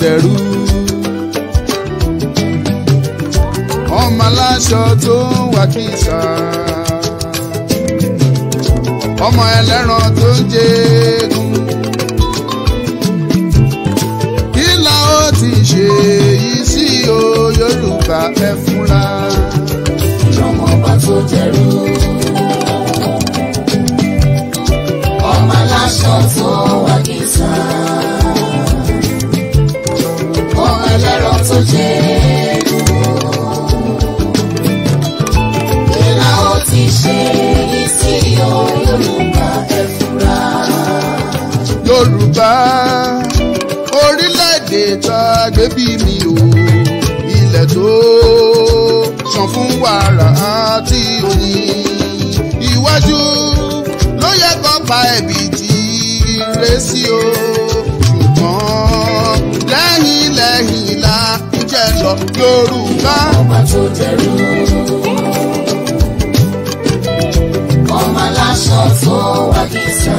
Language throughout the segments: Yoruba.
dẹrú. ọmọ aláṣọ tó ń wà kìsà. ọmọ ẹlẹ́ran tó ń jẹ́gun. kí la ti ṣe yìí sí o Yorùbá ẹ fúnra. ìjọba tó dẹrú. Yorùbá orílẹ̀-èdè tá a gbé bí mi o ilẹ̀ tó ṣàn fún wàrà àti oyin iwájú ló yẹ kó pa ẹ̀bì tí ire sí o ṣùgbọ́n lẹ́yìn lẹ́yìn la ń jẹ lọ Yorùbá. ọba tó dẹrù ọmọ aláṣọ tó wà kìí sá.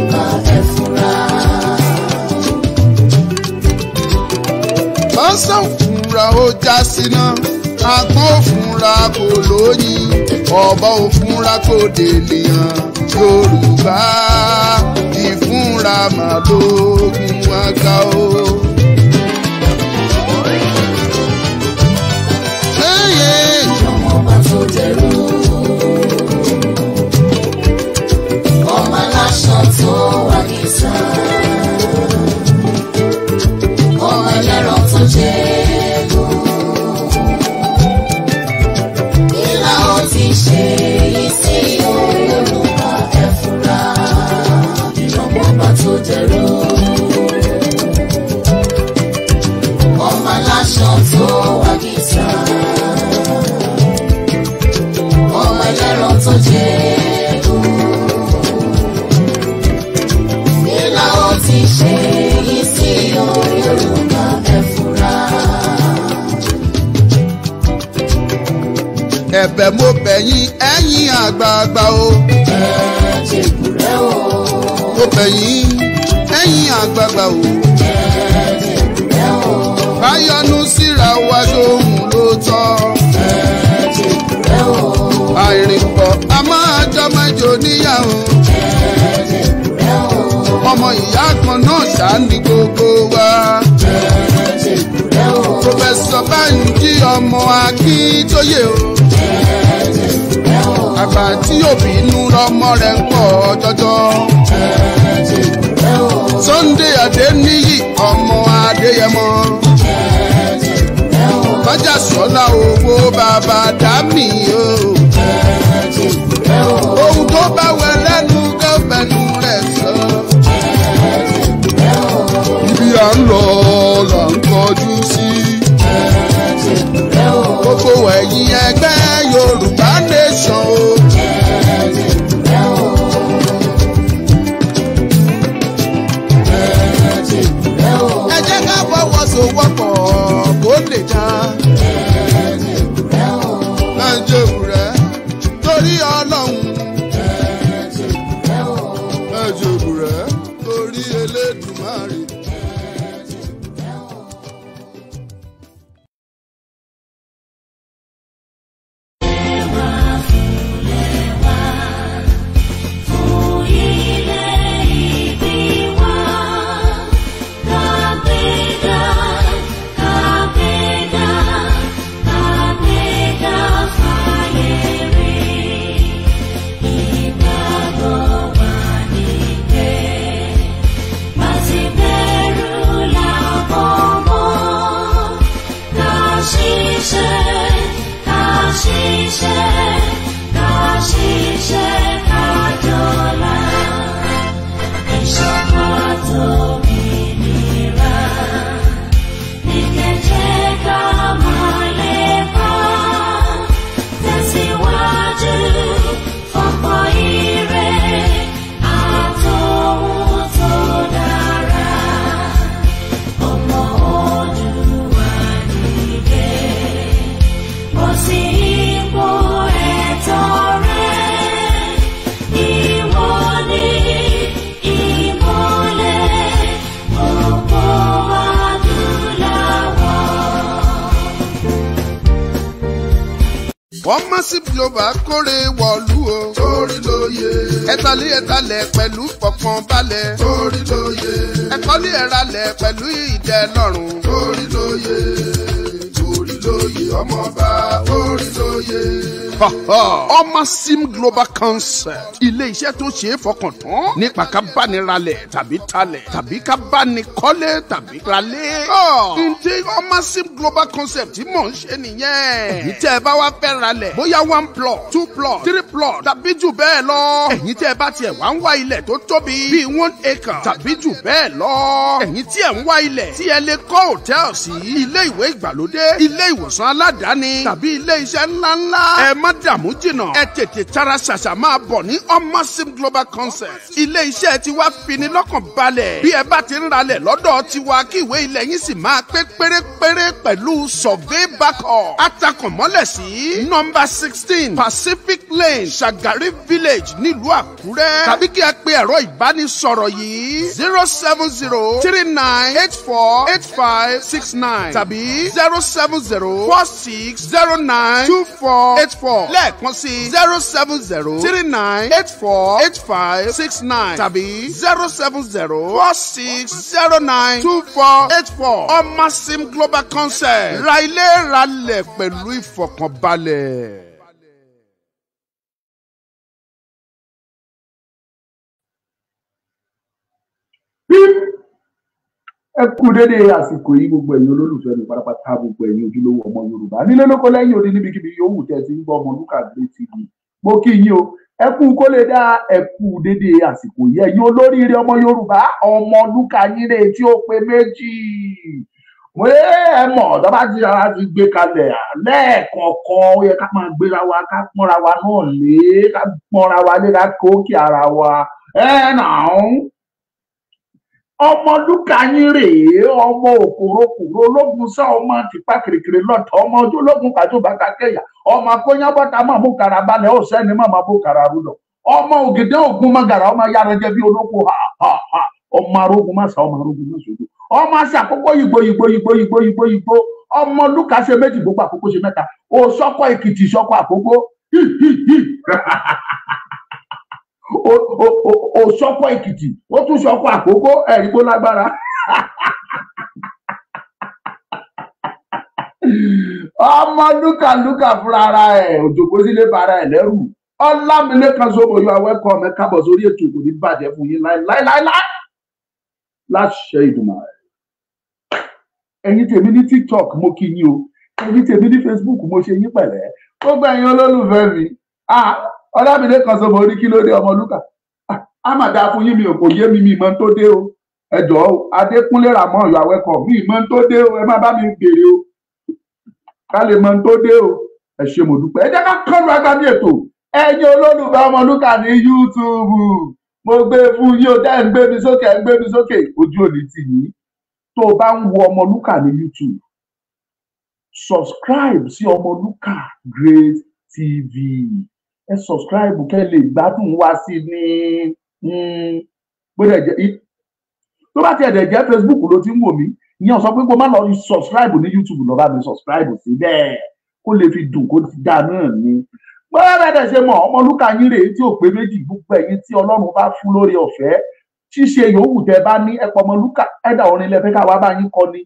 ọsàn òfúnra ó já síná agbọ́n òfúnra kò lóyìn ọ̀bọ òfúnra kò dènìyàn Yorùbá ìfúnra màlógún àgbà o. Ọmọ aláṣọ tó wà ní sáà. ṣẹ́gun. Ìlà ó ti ṣe ìsí òun olùkà ẹ̀fúra. Ìrànwọ́ bá tó dẹ̀rọ. Ọmọ aláṣọ ẹ̀bẹ̀ mo bẹ̀ yín ẹ̀yin àgbààgbà o. ẹ ti kúrẹ́ o. mo bẹ̀ yín ẹ̀yin àgbààgbà o. ẹ ti kúrẹ́ o. báyọ̀nù síra wa lóhùn ló tọ́. ẹ ti kúrẹ́ o. àìrìnkọ́ a máa dọ́mọ jò níyàwó. ẹ ti o. ọmọ ìyá kan náà ṣáà ní gbogbo wa. ẹ ti kúrẹ́ o. pòfẹ́sọ̀ Bánjí ọmọ Akíntóyè o àgbà tí òbí nú lọ́mọ rẹ̀ ń pọ̀ jọjọ. Sunday Adéníyì ọmọ Adéyẹmọ. Bájà sọ́lá owó bàbá dámì o. Ohun tó bá wẹ lẹ́nu gọ́fẹ̀nù rẹ̀ sọ. Ibi à ń lọ là ń kọjú sí. Gbogbo ẹ̀yin ẹgbẹ́ Yorùbá nation o. dey jam. ẹ̀tàlí ẹ̀tàlẹ̀ pẹ̀lú pọ̀pọ̀n balẹ̀. torí ló yẹ. ẹ̀kọ́lé ẹ̀ralẹ̀ pẹ̀lú ìdẹ lọ́rùn. torí ló yẹ torí ló yẹ ọmọ bá ó ọmọ sim global concept ilé iṣẹ́ tó ṣe é fọkàn tán nípa ká bá ní ralẹ̀ tàbí talẹ̀ tàbí ká bá ní kọ́lé tàbí ralé. ǹjẹ́ ọmọ sim global concept tí mò ń ṣe nìyẹn. èyí tẹ́ ẹ bá wá fẹ́ ralẹ̀ bóyá one plot two plot three plot tàbí jù bẹ́ẹ̀ lọ. èyí tẹ́ ẹ bá tiẹ̀ wá ń wá ilẹ̀ tó tóbi bíi one acre tàbí jù bẹ́ẹ̀ lọ. èyí tí ẹ̀ ń wá ilẹ̀ tí ẹ lè kọ́ hòtẹ́ẹ̀lì ilé ìwé ìgbàlódé ilé ìwòsàn aládàáni tàbí iṣẹ́ iṣẹ́ ńláńlá. ẹ má dààmú jìnà. ẹ tètè tara ṣàṣà máa bọ̀ ní omasim global concept. ilé iṣẹ́ tiwa fini lọ́kàn balẹ̀. bí ẹ bá ti ń ralẹ̀ lọ́dọ̀ tiwa kí ìwé ilẹ̀ yín sì máa pé pérépéré pẹ̀lú survey backup. atakàn mọ́lẹ̀ sí. nọmba sixteen pacific lane shagari village nílùú àkúrẹ́. tàbí kí ẹ pe ẹ̀rọ ìbánisọ̀rọ̀ yìí zero seven zero three nine eight four eight five six nine tàbí zero seven zero four six zero nine nine two four eight four lẹ́ẹ̀kan sí zero seven zero three nine eight four eight five six nine tàbí zero seven zero four six zero nine two four eight four ọmọ sim global concept ra ilé ra lẹ̀ pẹ̀lú ìfọ̀kànbalẹ̀. ẹ kú dédé àsìkò yìí gbogbo ẹ̀yin olólùfẹ́ mi pátápátá gbogbo ẹ̀yin ojúlówó ọmọ yorùbá nílé lóko lẹ́yìn òní níbikíbi yòówù tẹ́ ti ń gbọ́ ọmọ Lukasgray TV mo kí yín o ẹ kú kó lè dá ẹ kú dédé àsìkò yìí ẹ̀yin olóríire ọmọ yorùbá ọmọ lúkà yín lè tí ó pé méjì wéé ẹ mọ̀ ọ̀dọ́ bá ti ara ti gbé kalẹ̀ lẹ́ẹ̀kọ̀ọ̀kan ó yẹ ká máa gbéra wa ká pọ́nra wa náà lé ká pọ́nra wa lé ká kókè ara wa ẹ̀ náà ọmọ lúkà yín rèé ọmọ òkúrokùrò ológun sá ọmọ tìpá kìrìkìrì lọtọ ọmọ ojú ológun kàdúbà kàkẹyà ọmọ akóyánbọta mọ àmúkàrà balẹ ọsẹni mọ àmúkàrà rúdọ ọmọ ògìdẹ ògùn mọgàrà ọmọ yára jẹ bí olóko ha ha ha ọmọ arógun má sá ọmọ arógun má sódò ọmọ àṣà àkókò yìgbó yìgbó yìgbó yìgbó yìgbó yìgbó ọmọ lúkà ṣe méjì gbogbo àkókò ṣe mẹ́ta òsọkọ èkìtì ìṣọkọ àkókò hì hì hì ó sọ́kọ̀ èkìtì ó tún sọ́kọ̀ àkókò ẹ̀rí tó lágbára. ọmọ lúkàlúkà fúnra ara ẹ̀ òjòkó sílé bara ẹ̀ lẹ́rù ọlámilékan sọ́bọ̀ yọ awẹ́kọ̀ mi kábọ̀ sórí ètò kò ní bàjẹ́ fún yín láéláéláé láṣẹ ìdùnnà rẹ̀ ẹ̀yin tèmi ní tiktok mo kí yín o ẹ̀yin tèmi ní facebook mo ṣe yín pẹ̀lẹ́ gbogbo ẹ̀yin olólùfẹ́ mi ah, ọlábìlẹ kan sọ mo rí kí ló dé ọmọ lúkà á ah, mà dáa fún yín mi ò kò yé mi mi mọ tó dé o ẹ jọ̀ọ́ o adékúnlé ramọ ọyọ awẹkọ mi mọ tó dé o ẹ má bá mi béèrè o ká lè mọ tó dé o ẹ ṣe mo dúpẹ́ ẹ jẹ́ ká kọlu agbábí ètò ẹ̀yin olólùfẹ́ ọmọ lúkà ní yútùbù mo gbé e fún yín o dẹ́ ń gbé mi sókè ń gbé mi sókè ojú òní tì yín tó o bá ń wo ọmọ lúkà ní youtube subscribe sí ọmọ lúkà great tv ẹ subscribe kẹ́ lè gbádùn wá sí ní gbọ́dọ̀ jẹ́ tó bá tiẹ̀ dẹ̀ jẹ́ Facebook ló ti ń wò mí ìyẹn sọ pé kó má lọ subscribe ní YouTube lọ́ba mi subscribe sí bẹ́ẹ̀ kó lè fi dùn kó fi dá náà ni gbọ́dọ̀ ṣe mọ̀ ọmọlúkà yín rèé tí ò pé méjì gbogbo ẹ̀yin tí ọlọ́run bá fún lórí ọ̀fẹ́ ṣíṣe yòówù tẹ bá ní ẹ̀pọ̀ ọmọlúkà ẹ̀dà orin lẹ́fẹ́ ká wá bá yín kọ ni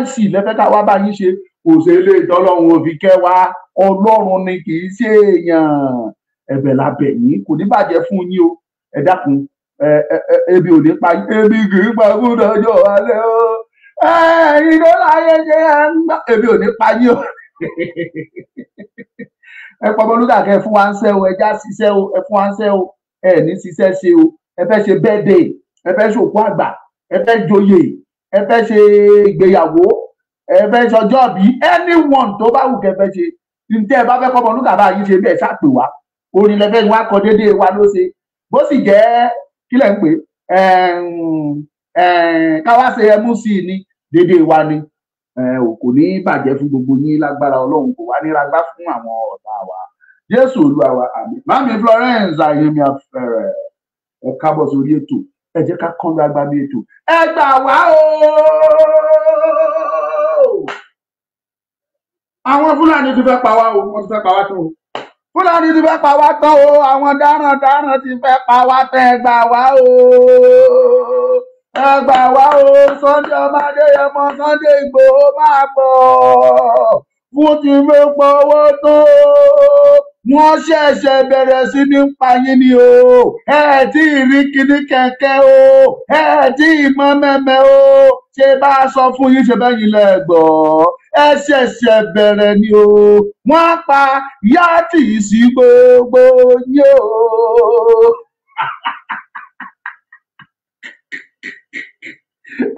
MC lẹ́fẹ́ ká wá bá yín ṣe òṣèlè ìtọ́lọ́run òfin kẹwàá ọlọ́run ni kì í ṣe èèyàn ẹ̀bẹ̀ labẹ̀ yìí kò ní bàjẹ́ fún yín o ẹ dákun ebi ò ní pa yín ebi kì pa kú lọ́jọ́ alẹ́ o ẹ̀yin ló láyé jẹ́ ẹ̀ ń gbà ebi ò ní pa yín o ẹ pọmọ lúdà kẹ fún wa ń ṣe o ẹ já ṣiṣẹ́ o ẹ fún wa ń ṣe o ẹ ní ṣiṣẹ́ ṣe o ẹ fẹ́ ṣe bẹẹdẹ ẹ fẹ́ ṣòkú àgbà ẹ fẹ́ joyè ẹ fẹ́ ṣe ìgbéyàwó ẹ fẹ́ ṣọjọ́ bí anyone tó bá wù kẹ fẹ́ ṣe ntẹ bá fẹ́ pọmọ lúdà bá yín ṣe bí ṣàpè wá orin lẹ́fẹ́ wa kọ déédéé wa ló ṣe bó sì jẹ́ kílẹ̀ ń pè káwá ṣe ẹmú sí i ní déédéé wa ni kò ní bàjẹ́ fún gbogbo yín lágbára ọlọ́run kò wá ní ragbá fún àwọn ọ̀tá wa jésù olúwa wa àmín mami florence ayemi afẹrẹ ẹ kábọ̀ sórí ètò ẹ jẹ́ ká kán lágbá ní ètò ẹ gbà wá o. àwọn fúlàní ti fẹ́ pa wá o wọ́n ti fẹ́ pa wá tó o fúlàní ti fẹ́ pa wá tán o àwọn darandaran ti fẹ́ pa wá tán ẹ gbà wá o ẹ gbà wá o Sunday ọmọ Adéyẹmọ Sunday Ìgbòho máa bọ̀ wọ́n ti fẹ́ pa tó wọ́n ṣẹ̀ṣẹ̀ bẹ̀rẹ̀ sí ní payín ni o ẹ tí ì rí kinní kẹ̀kẹ́ o ẹ tí ì mọ mẹ́mẹ́ o ṣé bá a sọ fún yín ṣe bẹ́yìn lẹ́gbọ̀ọ́ ẹ ṣẹ̀ṣẹ̀ bẹ̀rẹ̀ ni o wọ́n pa yáàtì sí gbogbo yín o.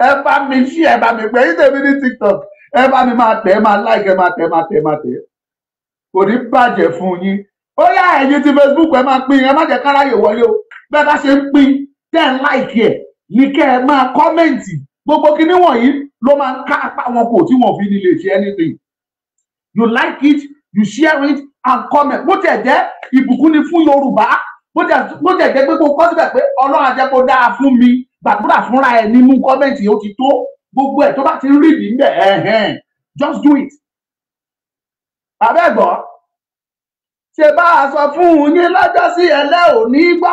ẹ bá mi ṣí ẹ bá mi pẹ́ yín tèmi ní tiktok ẹ bá mi máa tẹ̀ ẹ máa like ẹ máa tẹ̀ ẹ máa tẹ̀ ẹ máa tẹ̀ kò ní bàjẹ́ fún yín ó yá ẹ̀yin ti facebook ẹ máa pín ẹ má jẹ́ káráyè wọlé o bẹ́ẹ̀ bá ṣe ń pín tẹ́ like ẹ ní kẹ́ ẹ máa kọ́mẹ̀ǹtì gbogbo kinní wọ̀nyí ló máa ń ká apá wọn kò tí wọn fi ní lè ṣe anything you like it you share it and comment bó tẹ̀ jẹ́ ìbùkún ni fún yorùbá bó tẹ̀ jẹ́ pé kó kọ́ síbẹ̀ pé ọlọ́run ajẹ́ kó dáa fún mi gbàdúrà fúnra ẹ̀ nínú kọ́mẹ̀ntì ó ti tó gbogbo ẹ̀ tó bá ti rí ìdí ńbẹ̀ ẹ̀hẹ́n just do it abẹ́gbọ́ ṣe bá a sọ fún un yín lọ́jọ́ sí ẹlẹ́ òní gbà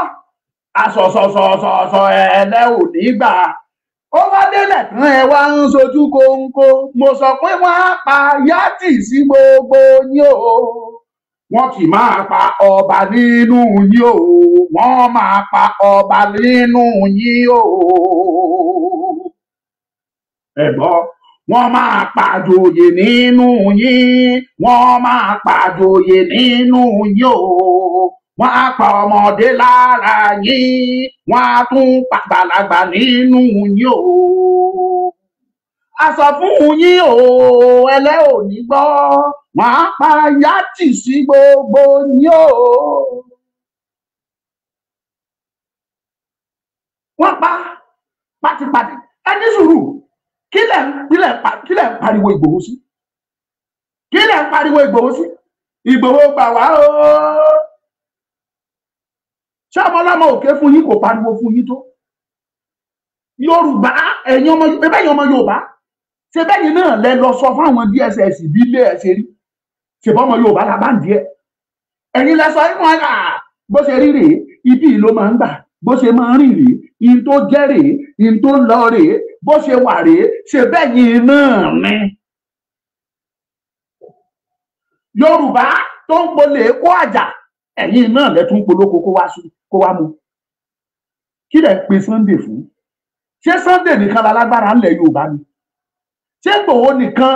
àsọ̀sọ̀sọ̀sọ̀ ẹlẹ́ òní gbà ó wá débẹ̀ tán ẹ wá ń sojú kóńkó mo sọ pé wọ́n á pa yátì sí gbogbo yín o wọ́n kì máa pa ọba nínú yín o wọ́n máa pa ọba nínú yín o ẹ gbọ́ wọ́n máa pàjòyè nínú yín wọ́n máa pàjòyè nínú yín o wọ́n á pa ọmọdé lára yín wọ́n á tún pa àgbàlagbà nínú yín o a sọ fún yín o ẹlẹ́ ò ní gbọ́ wọ́n á pa yátì sí gbogbo yín o. wọ́n pa pátipátì ẹni sùúrù kílẹ̀ kílẹ̀ kílẹ̀ pariwo Ìgbòho sí kílẹ̀ pariwo Ìgbòho sí Ìgbòho gbà wá o ṣé ọmọ ọlọ́mọ òkè fún yín kò pariwo fún yín tó yorùbá ẹ̀yin ọmọ bẹ́ẹ̀ bẹ́ẹ̀ ọmọ yorùbá ṣe bẹ́ẹ̀ yín náà lẹ lọ sọ fáwọn dss bí ilé ẹ̀ ṣe rí ṣèbọn ọmọ yorùbá la bá ń díẹ̀ ẹ̀yin lẹ sọ ẹ̀yin wọn bó ṣe rí rèé ibi ìlú máa ń gbà bó ṣe máa ń rìn rèé in tó jẹ́ rèé in tó lọ rèé bó ṣe wà rèé ṣe bẹ́ẹ̀ yín náà ní. yorùbá tó ń polè kó àjà ẹ̀yin náà lẹ tún polóko wá sùn kó wá mu kí lẹ̀ ń pe Sunday fún ṣé Sunday nìkan lálágbára ńlẹ̀ Yorùbá ni ṣé Ìgbòho nìkan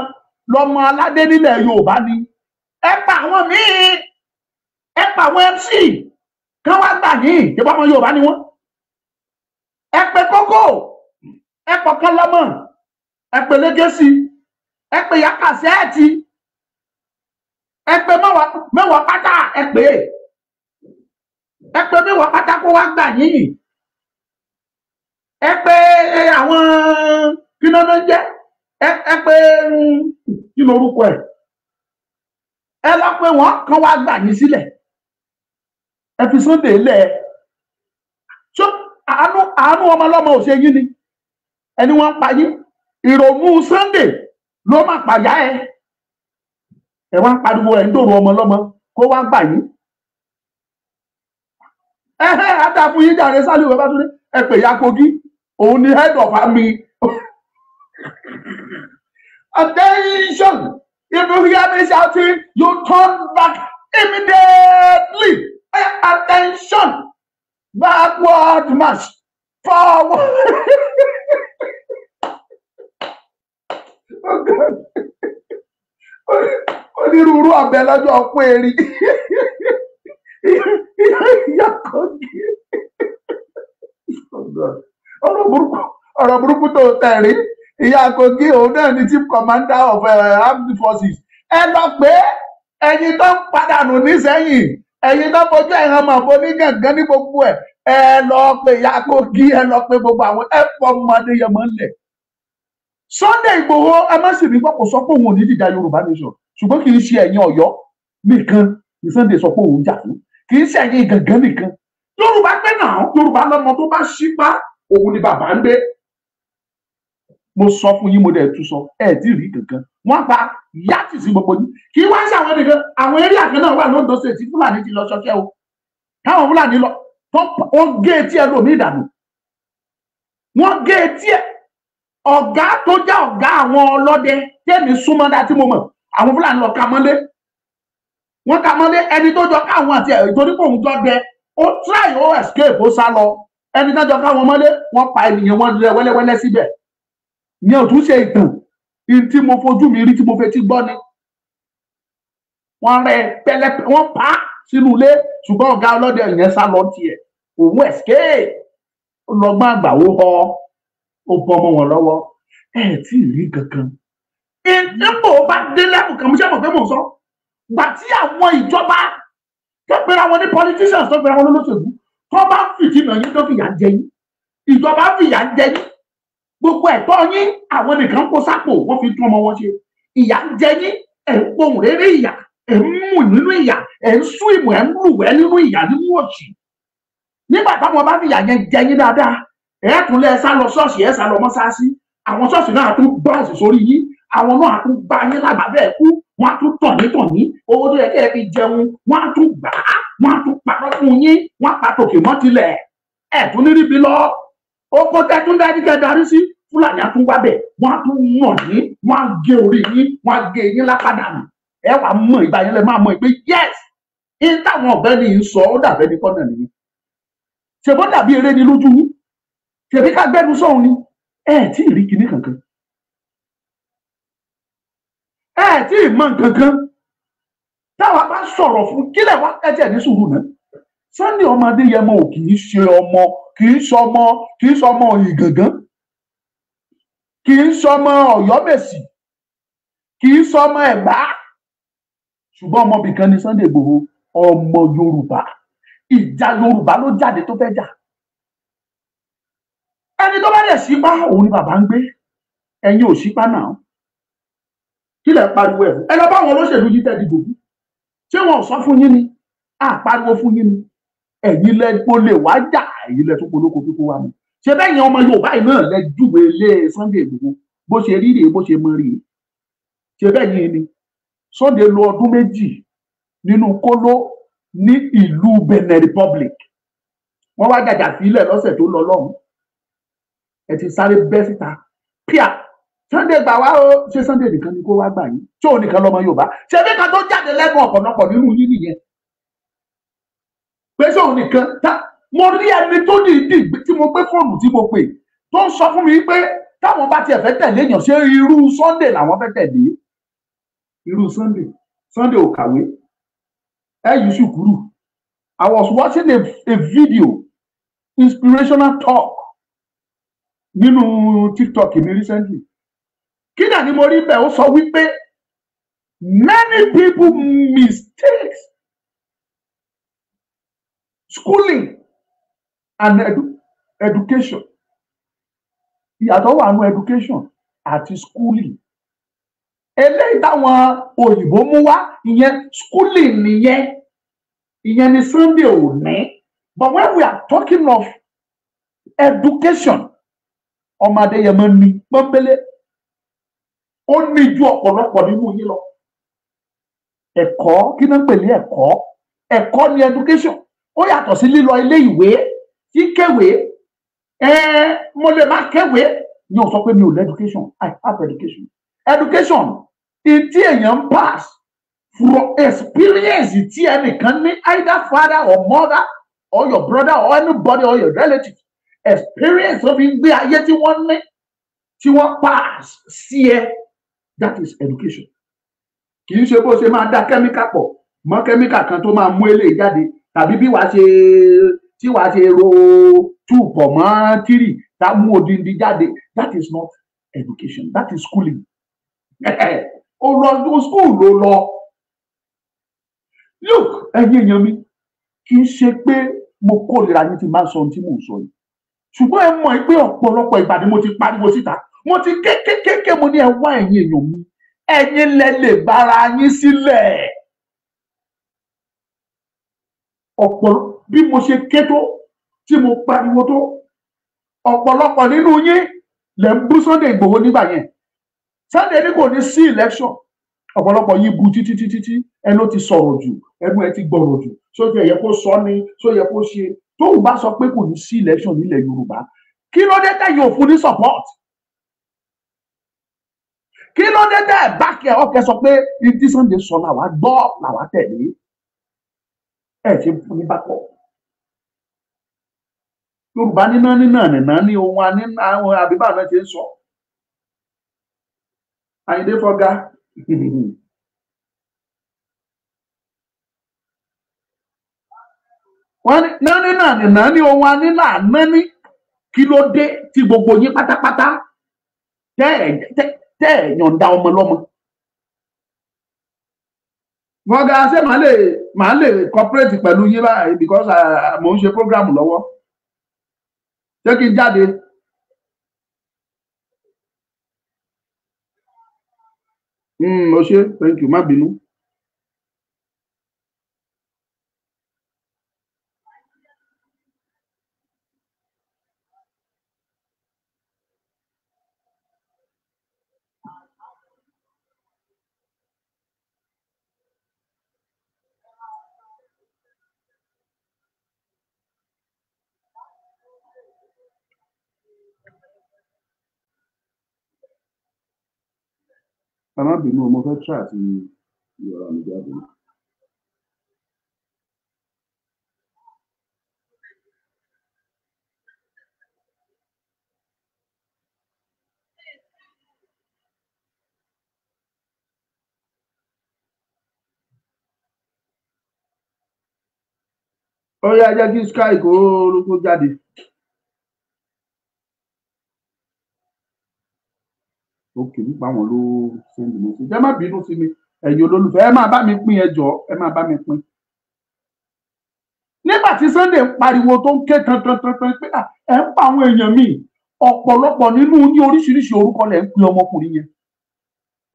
lọmọ aládé nílẹ̀ Yorùbá ni ẹ pa àwọn míì ẹ pa àwọn MC kán wá gbà yín ìjọba ọmọ Yorùbá ni wọ́n ẹ pe kókó ẹ pọ̀ kán ẹ pe lẹ́gẹ́sì ẹ pe yàkàsẹ́ẹ̀tì ẹ pe mẹ́wàá pátá ẹ pe ẹ pé mẹ́wàá pátákó wá gbà yín ẹ pé àwọn kíná náà ẹ pé kí lorúkọ ẹ̀ ẹ lọ pé wọ́n kàn wá gbà yín sílẹ̀ ẹ fi Sunday lẹ̀ ṣó àánú àánú ọmọlọ́mọ ò ṣe yín ni ẹni wọ́n pa yín ìrònú Sunday ló má pàyà ẹ ẹ wá ń pariwo ẹ ń dòrò ọmọlọ́mọ kó wá gbà yín àtàfù yìí jàre sálíù Babátúndé ẹ pè ya Kogi òun ni head of army attention if you hear me shouting you turn back immediately attention backward march forward. onírúurú ọbẹ̀ lọ́jọ́ pé rí. ìyàkọ́ kí ọ̀rọ̀ burúkú ọ̀rọ̀ burúkú tó tẹ̀rí ìyá Kogi òun náà ni chief commander of armed forces ẹ lọ pé ẹ̀yin tó ń padànù nísẹ́yìn ẹ̀yin tó fojú ẹran mọ àbóní gàngán ní gbogbo ẹ ẹ lọ pé ìyá Kogi ẹ lọ pé gbogbo àwọn ẹ pọ ọmọdé yẹn mọ nílẹ̀ Sunday Igboho ẹ má sì rí pọ kò sọ pé òun ò ní dìjà Yorùbá nation ṣùgbọ́n kì í ṣe ẹ̀yin Ọ̀yọ́ nìkan ní Sunday sọ pé òun jà fún kì í ṣẹ̀yìn gàngán nìkan yorùbá pẹ́ náà yorùbá lọ́mọ tó bá ṣípá òun ni bàbá ń gbé mo sọ fún yín mo dẹ̀ tún sọ ẹ̀ tí rí kankan wọ́n gba yàtì sí gbogbo yín kì í wá sí àwọn nìkan àwọn eré àgbẹ̀ náà wà lóńdó ṣe tí fúlàní ti lọ ṣọṣẹ́ o táwọn fúlàní lọ ó gé etí ẹ lómi ìdànù wọ́n gé etí ẹ ọ̀gá tó jẹ́ ọ̀gá àwọn ọlọ́dẹ tẹ́mi súnmọ́dá tí mo mọ̀ àwọn fúlàní lọ ka mọ́lé wọ́n kà mọ́lé ẹni tó jọ káwọn àti ẹ̀rí torí kòun jọ dẹ ó try ó escape ó sá lọ ẹni tó jọ káwọn mọ́lé wọ́n pa ènìyàn wọn lẹ wẹ́lẹ́wẹ́lẹ́ síbẹ̀ ní òtún ṣe ìtàn ní tí mo fojú mi rí tí mo fetí gbọ́ ni wọ́n rẹ pẹlẹ wọ́n pa á sínú ilé ṣùgbọ́n ọ̀gá ọlọ́dẹ yẹn sá lọ tiẹ̀ òun escape ó lọ́gbọ́n àgbà ó họ ó bọ́ ọmọ wọn lọ́wọ́ ẹ̀ tí ì rí kankan ẹ̀ ń bò ó bá dé lẹ́kùn kan mo ṣe mọ̀ pé sọ gbà tí àwọn ìjọba tó pera wọn ní politicians tó pera wọn lólóṣèlú tó bá fìdí náà yín tó fìyà jẹ yín ìjọba fìyà jẹ yín gbogbo ẹ̀tọ́ yín àwọn nìkan kó sápò wọn fi tún ọmọ wọn ṣe ìyà ń jẹ yín ẹ̀ ń pohùn réré ìyà ẹ̀ ń mú nínú ìyà ẹ̀ ń sún ìmọ̀ ẹ̀ ń lùwẹ̀ nínú ìyà nínú òṣì nígbà táwọn bá fìyà yẹn jẹ yín dáadáa ẹ̀ tún lẹ́ sá lọ ṣọ́ọ̀ṣì ẹ̀ sá lọ mọ́sáàsì àwọn ṣọ́ọ̀ṣì náà tún bọ́ọ̀sì sórí yín àwọn náà tún gba yín lágbàdo ẹ̀ kú wọ́n á tún tàn ní tàn ní owó tó yẹ kẹ́ ẹ fi jẹun wọ́n á tún gbà á wọ́n á tún parọ́ fún yín wọ́n á pa tòkè mọ́ tilẹ̀ ẹ̀ tún ní ríbi lọ oko tẹ́ tún dá ẹnikẹ́ darí sí fúlàní á tún wá bẹ̀ wọ́n á tún yàn yín wọ́n á gé orí yín wọ́n á gé yín lápàdà nù ẹ wàá mọ̀ ìgbà yẹn lẹ máa mọ̀ pé yes in táwọn ọ̀gbẹ́ni ń sọ ó dàbẹ́ ní kọ́nà nìyí ṣèbó dàbí eré ni lójú yín ṣèbí ká gbẹ́nu sọ̀hún ni ẹ tí ì rí kinní kankan ẹ tí ì mọ nǹkan kan táwa bá sọ̀rọ̀ fún kílẹ̀ wá ẹ̀jẹ̀ ní sùúrù náà Sunday ọmọ Adéyẹmọ ò kì í ṣe ọmọ kì í sọmọ kì í sọmọ ìgàngán kì í sọmọ Ọ̀yọ́mèsì kì í sọmọ Ẹ̀gbá ṣùgbọ́n ọmọbìkan ni Sunday Igboho ọmọ Yorùbá ìjà Yorùbá ló jáde tó fẹ́ jà ẹni tó bá dẹ̀ sípá òun ni bàbá ń gbé ẹ̀yin ò sípá náà kí lẹ̀ ń pariwo ẹ̀ ẹ lọ bá àwọn olóṣèlú yìí tẹ́ bí ṣé wọn sọ fún yín ni à pariwo fún yín ni ẹ̀yin lẹ gbolè wá jà ẹ̀yin lẹ tó polóko kíkó wa mu ṣé bẹ́yìn ọmọ Yorùbá yìí náà lẹ júwe lé Sunday Igboho bó ṣe rí rèé bó ṣe mọ rèé ṣé bẹ́yìn ni Sunday lo ọdún méjì nínú kóló ní ìlú Benin Republic wọ́n wá jàjà sílẹ̀ lọ́sẹ̀ tó lọ lọ́hùn ẹ ti sáré bẹ́ síta pia Sunday gbà wá o ṣé Sunday nìkan ni kó wá gbà yín tí òun nìkan lọmọ Yorùbá ṣe bí kan tó jáde lẹ́nu ọ̀pọ̀lọpọ̀ nínú yín nìyẹn pé sóun nìkan tá mo rí ẹni tó dìídì tí mo gbé fóònù tí mo pè tó ń sọ fún mi pé táwọn bá tiẹ̀ fẹ́ tẹ̀lé èèyàn ṣé irú Sunday làwọn fẹ́ tẹ̀lé irú Sunday Sunday ò kàwé ẹ yìí ṣùkúrù I was watching a, a video inspirational talk nínú TikTok mi recently kí náà ni mo rí bẹ́ẹ̀ ó sọ wípé many people mistakes schooling and edu education ìyàtọ̀ wà nù education àti schooling eléyìí táwọn òyìnbó mú wá ìyẹn schooling nìyẹn ìyẹn ni Sunday ò ní but when we are talking of education ọmọdé yẹn máa ní pọ́npẹ́lẹ́ ó ní ju ọ̀pọ̀lọpọ̀ nínú yín lọ ẹ̀kọ́ kí náà ń pè ní ẹ̀kọ́ ẹ̀kọ́ ni education ó yàtọ̀ sí lílọ ilé ìwé tí kẹwé ẹ mo lè má kẹwé ni o sọ pé mi ò lọ education I have education education ìdí èèyàn ń pass from experience tí ẹnìkan ní either father or mother or your brother or anybody or your relative experience of ìgbé ayé tí wọ́n ní tí wọ́n pass sí ẹ that is education kì í ṣe bó ṣe máa dá kẹ́míkà pọ̀ mọ́ kẹ́míkà kan tó máa mú eléyìí jáde tàbí bí wàá ṣe tí wàá ṣe ro two pọ̀ mọ́ three tá mú odindi jáde that is not education that is schooling o lọ o school ló lọ look ẹ̀yin èèyàn mi kì í ṣe pé mo kórìíra yín ti máa ń sọ ohun tí mò ń sọ yìí ṣùgbọ́n ẹ mọ̀ pé ọ̀pọ̀lọpọ̀ ìgbà mo ti pariwo síta mo ti kékékéké mo ní ẹ wá ẹ̀yin èèyàn mi ẹ̀yin lẹ lè bára yín sílẹ̀ ọ̀pọ̀ bí mo ṣe ké tó tí mo pariwo tó ọ̀pọ̀lọpọ̀ nínú yín lẹ ń bú Sunday Ìgbòho nígbà yẹn Sunday ní kò ní sí election ọ̀pọ̀lọpọ̀ yìí bu títí títí tí ẹnu ti sọ̀rọ̀ jù ẹnu ẹ ti gbọ̀rọ̀ jù sójú ẹ̀yẹ kó sọ ni só yẹ kó ṣe tóun bá sọ pé kò ní sí election nílẹ̀ Yorùbá kí ló dé tẹ̀yìn òfin ní support kí ló dé dẹ́ bákẹ́ ọkẹ́ sọ pé ibi Sunday sọ làwa gbọ́ làwa tẹ̀lé ẹ̀ ṣe fún ní bákọ̀. Yorùbá níná níná nìná ní ohun aníná àwọn àbíbá náà ṣe ń sọ. Àyìndé fọ́gá. Wọ́n ní nání náà nìná ní ohun aníná àná ní kí ló dé tí gbogbo yín pátápátá tẹ́ ẹ̀ tẹ́ tẹ́ ẹ̀ yọ̀ǹda ọmọ lọ́mọ. Vọ́gá ṣé màá lè màá lè cooperate pẹ̀lú yín báyìí because mò ń ṣe program lọ́wọ́. Ṣé kí n jáde? Ó hmm, ṣe thank you má bínú. ẹ má bínú mo fẹ́ try àti yọra mi jáde. ó yá jẹ́ kí sky kó orúkọ jáde. òkè wípé àwọn ló send message ẹ má bínú sí mi ẹ̀yin olólùfẹ́ ẹ máa bá mi pín ẹ jọ̀ọ́ ẹ máa bá mi pín. nígbà tí Sunday ń pariwo tó ń ké tantantantan pé ẹ ń pa àwọn èèyàn míì ọ̀pọ̀lọpọ̀ nínú ní oríṣiríṣi orúkọ lẹ̀ ń pè ọmọkùnrin yẹn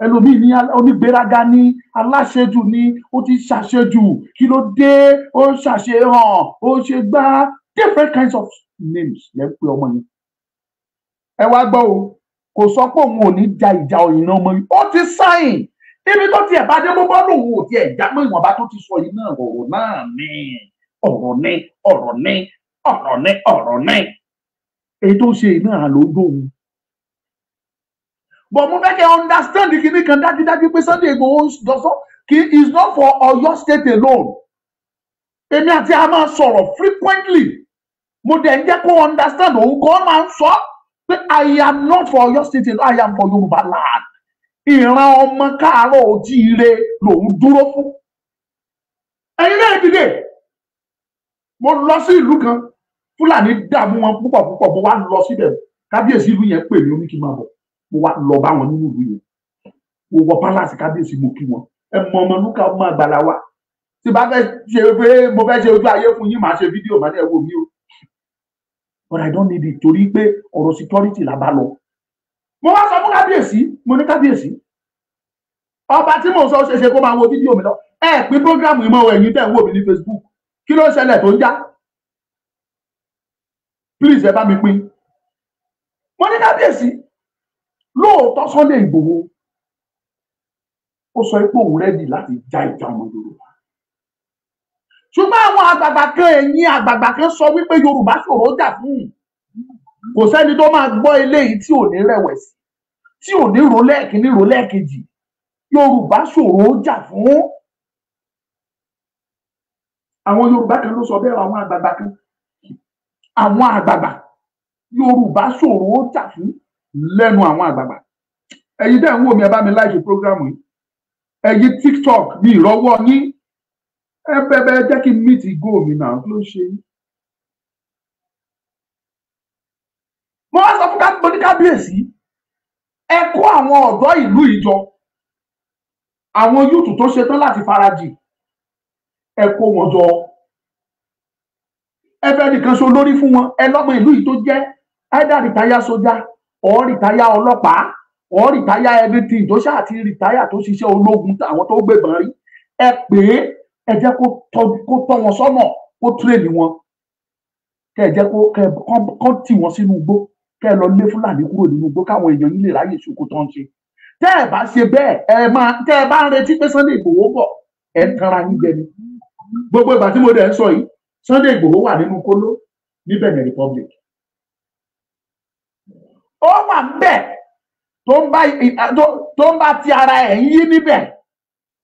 ẹlòmíì ní onígbéraga ní aláṣejù ní ó ti ṣàṣejù kí ló dé ó ṣàṣehàn ó ṣe gbá different kinds of names lẹ́ ń pè ọmọ yẹn ẹ wá gbọ́ o kò sọ pé òun ò ní ja ìjà ìran ọmọ yìí ti sáyìn ibi tó tiẹ̀ bá dé bóbá lòun ò tiẹ̀ já mọ́ ìwọ̀nba tó ti sọ yìí náà ọ̀rọ̀ náà ni ọ̀rọ̀ ni ọ̀rọ̀ ni ọ̀rọ̀ ni ọ̀rọ̀ ni èyí tó ṣe iná àlóńdó òun. but mo fẹ́ kẹ́ understand kìíní kan dájúdájú pé Sunday Igboho dọ́sọ́ kì is not for Ọ̀yọ́ state alone èmi àti a máa sọ̀rọ̀ frequently mo dẹ̀ ń jẹ́ kó understand òun kò máa ń sọ ọ́ pé I am not for Ọ̀yọ́ state alone I am for Yorùbá land ìran ọmọ káàárọ̀ ojíire lòún dúró fún ẹ̀yin náà dìde mo lọ sí ìlú kan Fúlàní dààmú wọn púpọ̀ púpọ̀ mo wá lọ síbẹ̀ kábíyèsí ìlú yẹn pè mí ó ní kí n máa bọ̀ mo wá lọ bá wọn nínú ìlú yẹn mo wọ pálásì kábíyèsí mo kí wọn ẹ mọ ọmọ lúkà ọmọ àgbàlá wa tí bá fẹ́ ṣe pé mo fẹ́ ṣe ojú ayé fún yín màá ṣe fídíò màá ní ẹ wò mí o but I don't need it torí pé ọ̀rọ̀ security là bá lọ. mo wá sọ fún kábíyèsí mo ní kábíyèsí ọba tí mo ń sọ ṣe ṣe kó máa wo fídíò mi lọ ẹ pín programu ìmọ̀ ẹ̀yìn tẹ̀ ń wò mí ní Facebook kí ló ń ṣẹlẹ̀ tó ń já please ẹ bá mi pín mo ní kábíyèsí lóòótọ́ Sunday Ìgbòho ó sọ pé òun rẹ́dì láti já ìjà ọmọ Yorùbá ṣùgbọ́n àwọn àgbààgbà kan ẹ̀yìn àgbààgbà kan sọ wípé Yorùbá ṣòro jà fún un kò sẹ́ni tó máa gbọ́ eléyìí tí ò ní rẹ̀wẹ̀sì tí ò ní rò lẹ́ẹ̀kíní rò lẹ́ẹ̀kejì Yorùbá ṣòro jà fún àwọn Yorùbá kan ló sọ bẹ́ẹ̀ àwọn àgbààgbà kan àwọn àgbààgbà Yorùbá ṣòro jà fún lẹ́nu àwọn àgbààgbà ẹ̀yin dẹ́ ń wò mí ẹ bá mi láìsí prógrámù yìí ẹ̀yin TikTok mi ìrọ́wọ́ yín ẹ bẹ̀bẹ̀ jẹ́ kí meet go mi náà ló ṣe yín. mo wá sọ fún oníkábíyèsí ẹ kó àwọn ọ̀dọ́ ìlú ìjọ àwọn yúùtù tó ṣetán láti farajì ẹ kó wọn jọ ẹ fẹ́ nìkan so lórí fún wọn ẹ lọ́mọ ìlú yìí tó jẹ́ either rìtáyà sójà or rìtáyà ọlọ́pàá or rìtáyà everything tó ṣáà ti rìtáyà tó ṣiṣẹ́ ológun táwọn tó gbébọn rí ẹ pè é ẹ jẹ́ kó tọ́ wọn sọ́nà kó tírèlì wọn kẹ́ ẹ jẹ́ kó kẹ́ kọ́ tì wọ́n sínú igbó kẹ́ ẹ lọ lé fúlàní kúrò nínú igbó káwọn èèyàn yín lè ráyè ṣoko tó ń ṣe tẹ́ ẹ bá ṣe bẹ́ẹ̀ ẹ máa tẹ́ ẹ bá ń retí pé Sunday Ìgbòho bọ̀ ẹ ń tanra yín jẹ ni gbogbo ìgbà tí mo dẹ̀ ń sọ yìí Sunday Ìgbòho wà nínú kóló ní Benin Republic ó wà níbẹ̀ tó ń bá ti ara ẹ̀ ń yí níbẹ̀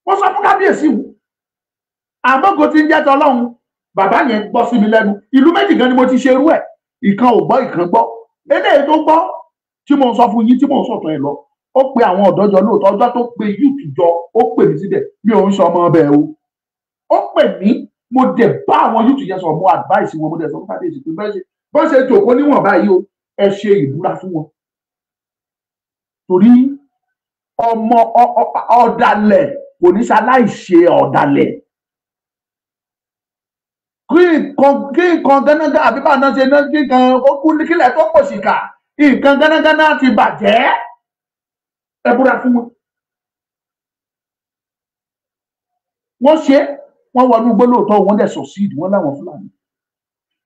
wọ́n sọ fún kábíyèsí wò àmọ́gò tí ń jẹ́ tọ́lọ́run bàbá yẹn gbọ́ sí mi lẹ́nu ìlú méjì gan ni mo ti ṣerú ẹ̀ ìkan ò gbọ́ ìkan gbọ́ eléyìí tó gbọ́ tí mo sọ fún yín tí mo sọ̀tọ̀ ẹ̀ lọ ó pe àwọn ọ̀dọ́ jọ lóòótọ́ ọjọ́ tó pe yúùtù jọ ó pè mí síbẹ̀ mi ò ń sọ ọmọ ọbẹ̀ o ó pè mí mo dẹ̀ bá àwọn yúùtù yẹn sọ mo advice wọn mo dẹ̀ sọ fún kábíyèsí pé bẹ́ẹ̀ ṣe bọ́n ṣe jòkó níwọ̀n báyìí o ẹ ṣe ìbúra fún wọn torí ọmọ ọ̀dàlẹ̀ kò ní ṣaláìṣe ọ̀dàlẹ̀ kí nǹkan kí nǹkan gánágá àbí bá náà ṣe náà kí nǹkan ó kú ní kílẹ̀ tó pọ̀ síkà nǹkan gánágáná ti bàjẹ́ ẹ búra fún wọn. wọ́n ṣe wọ́n wọnú gbólóòtọ́ wọ́n dẹ̀ succeed wọ́n láwọn fúlàní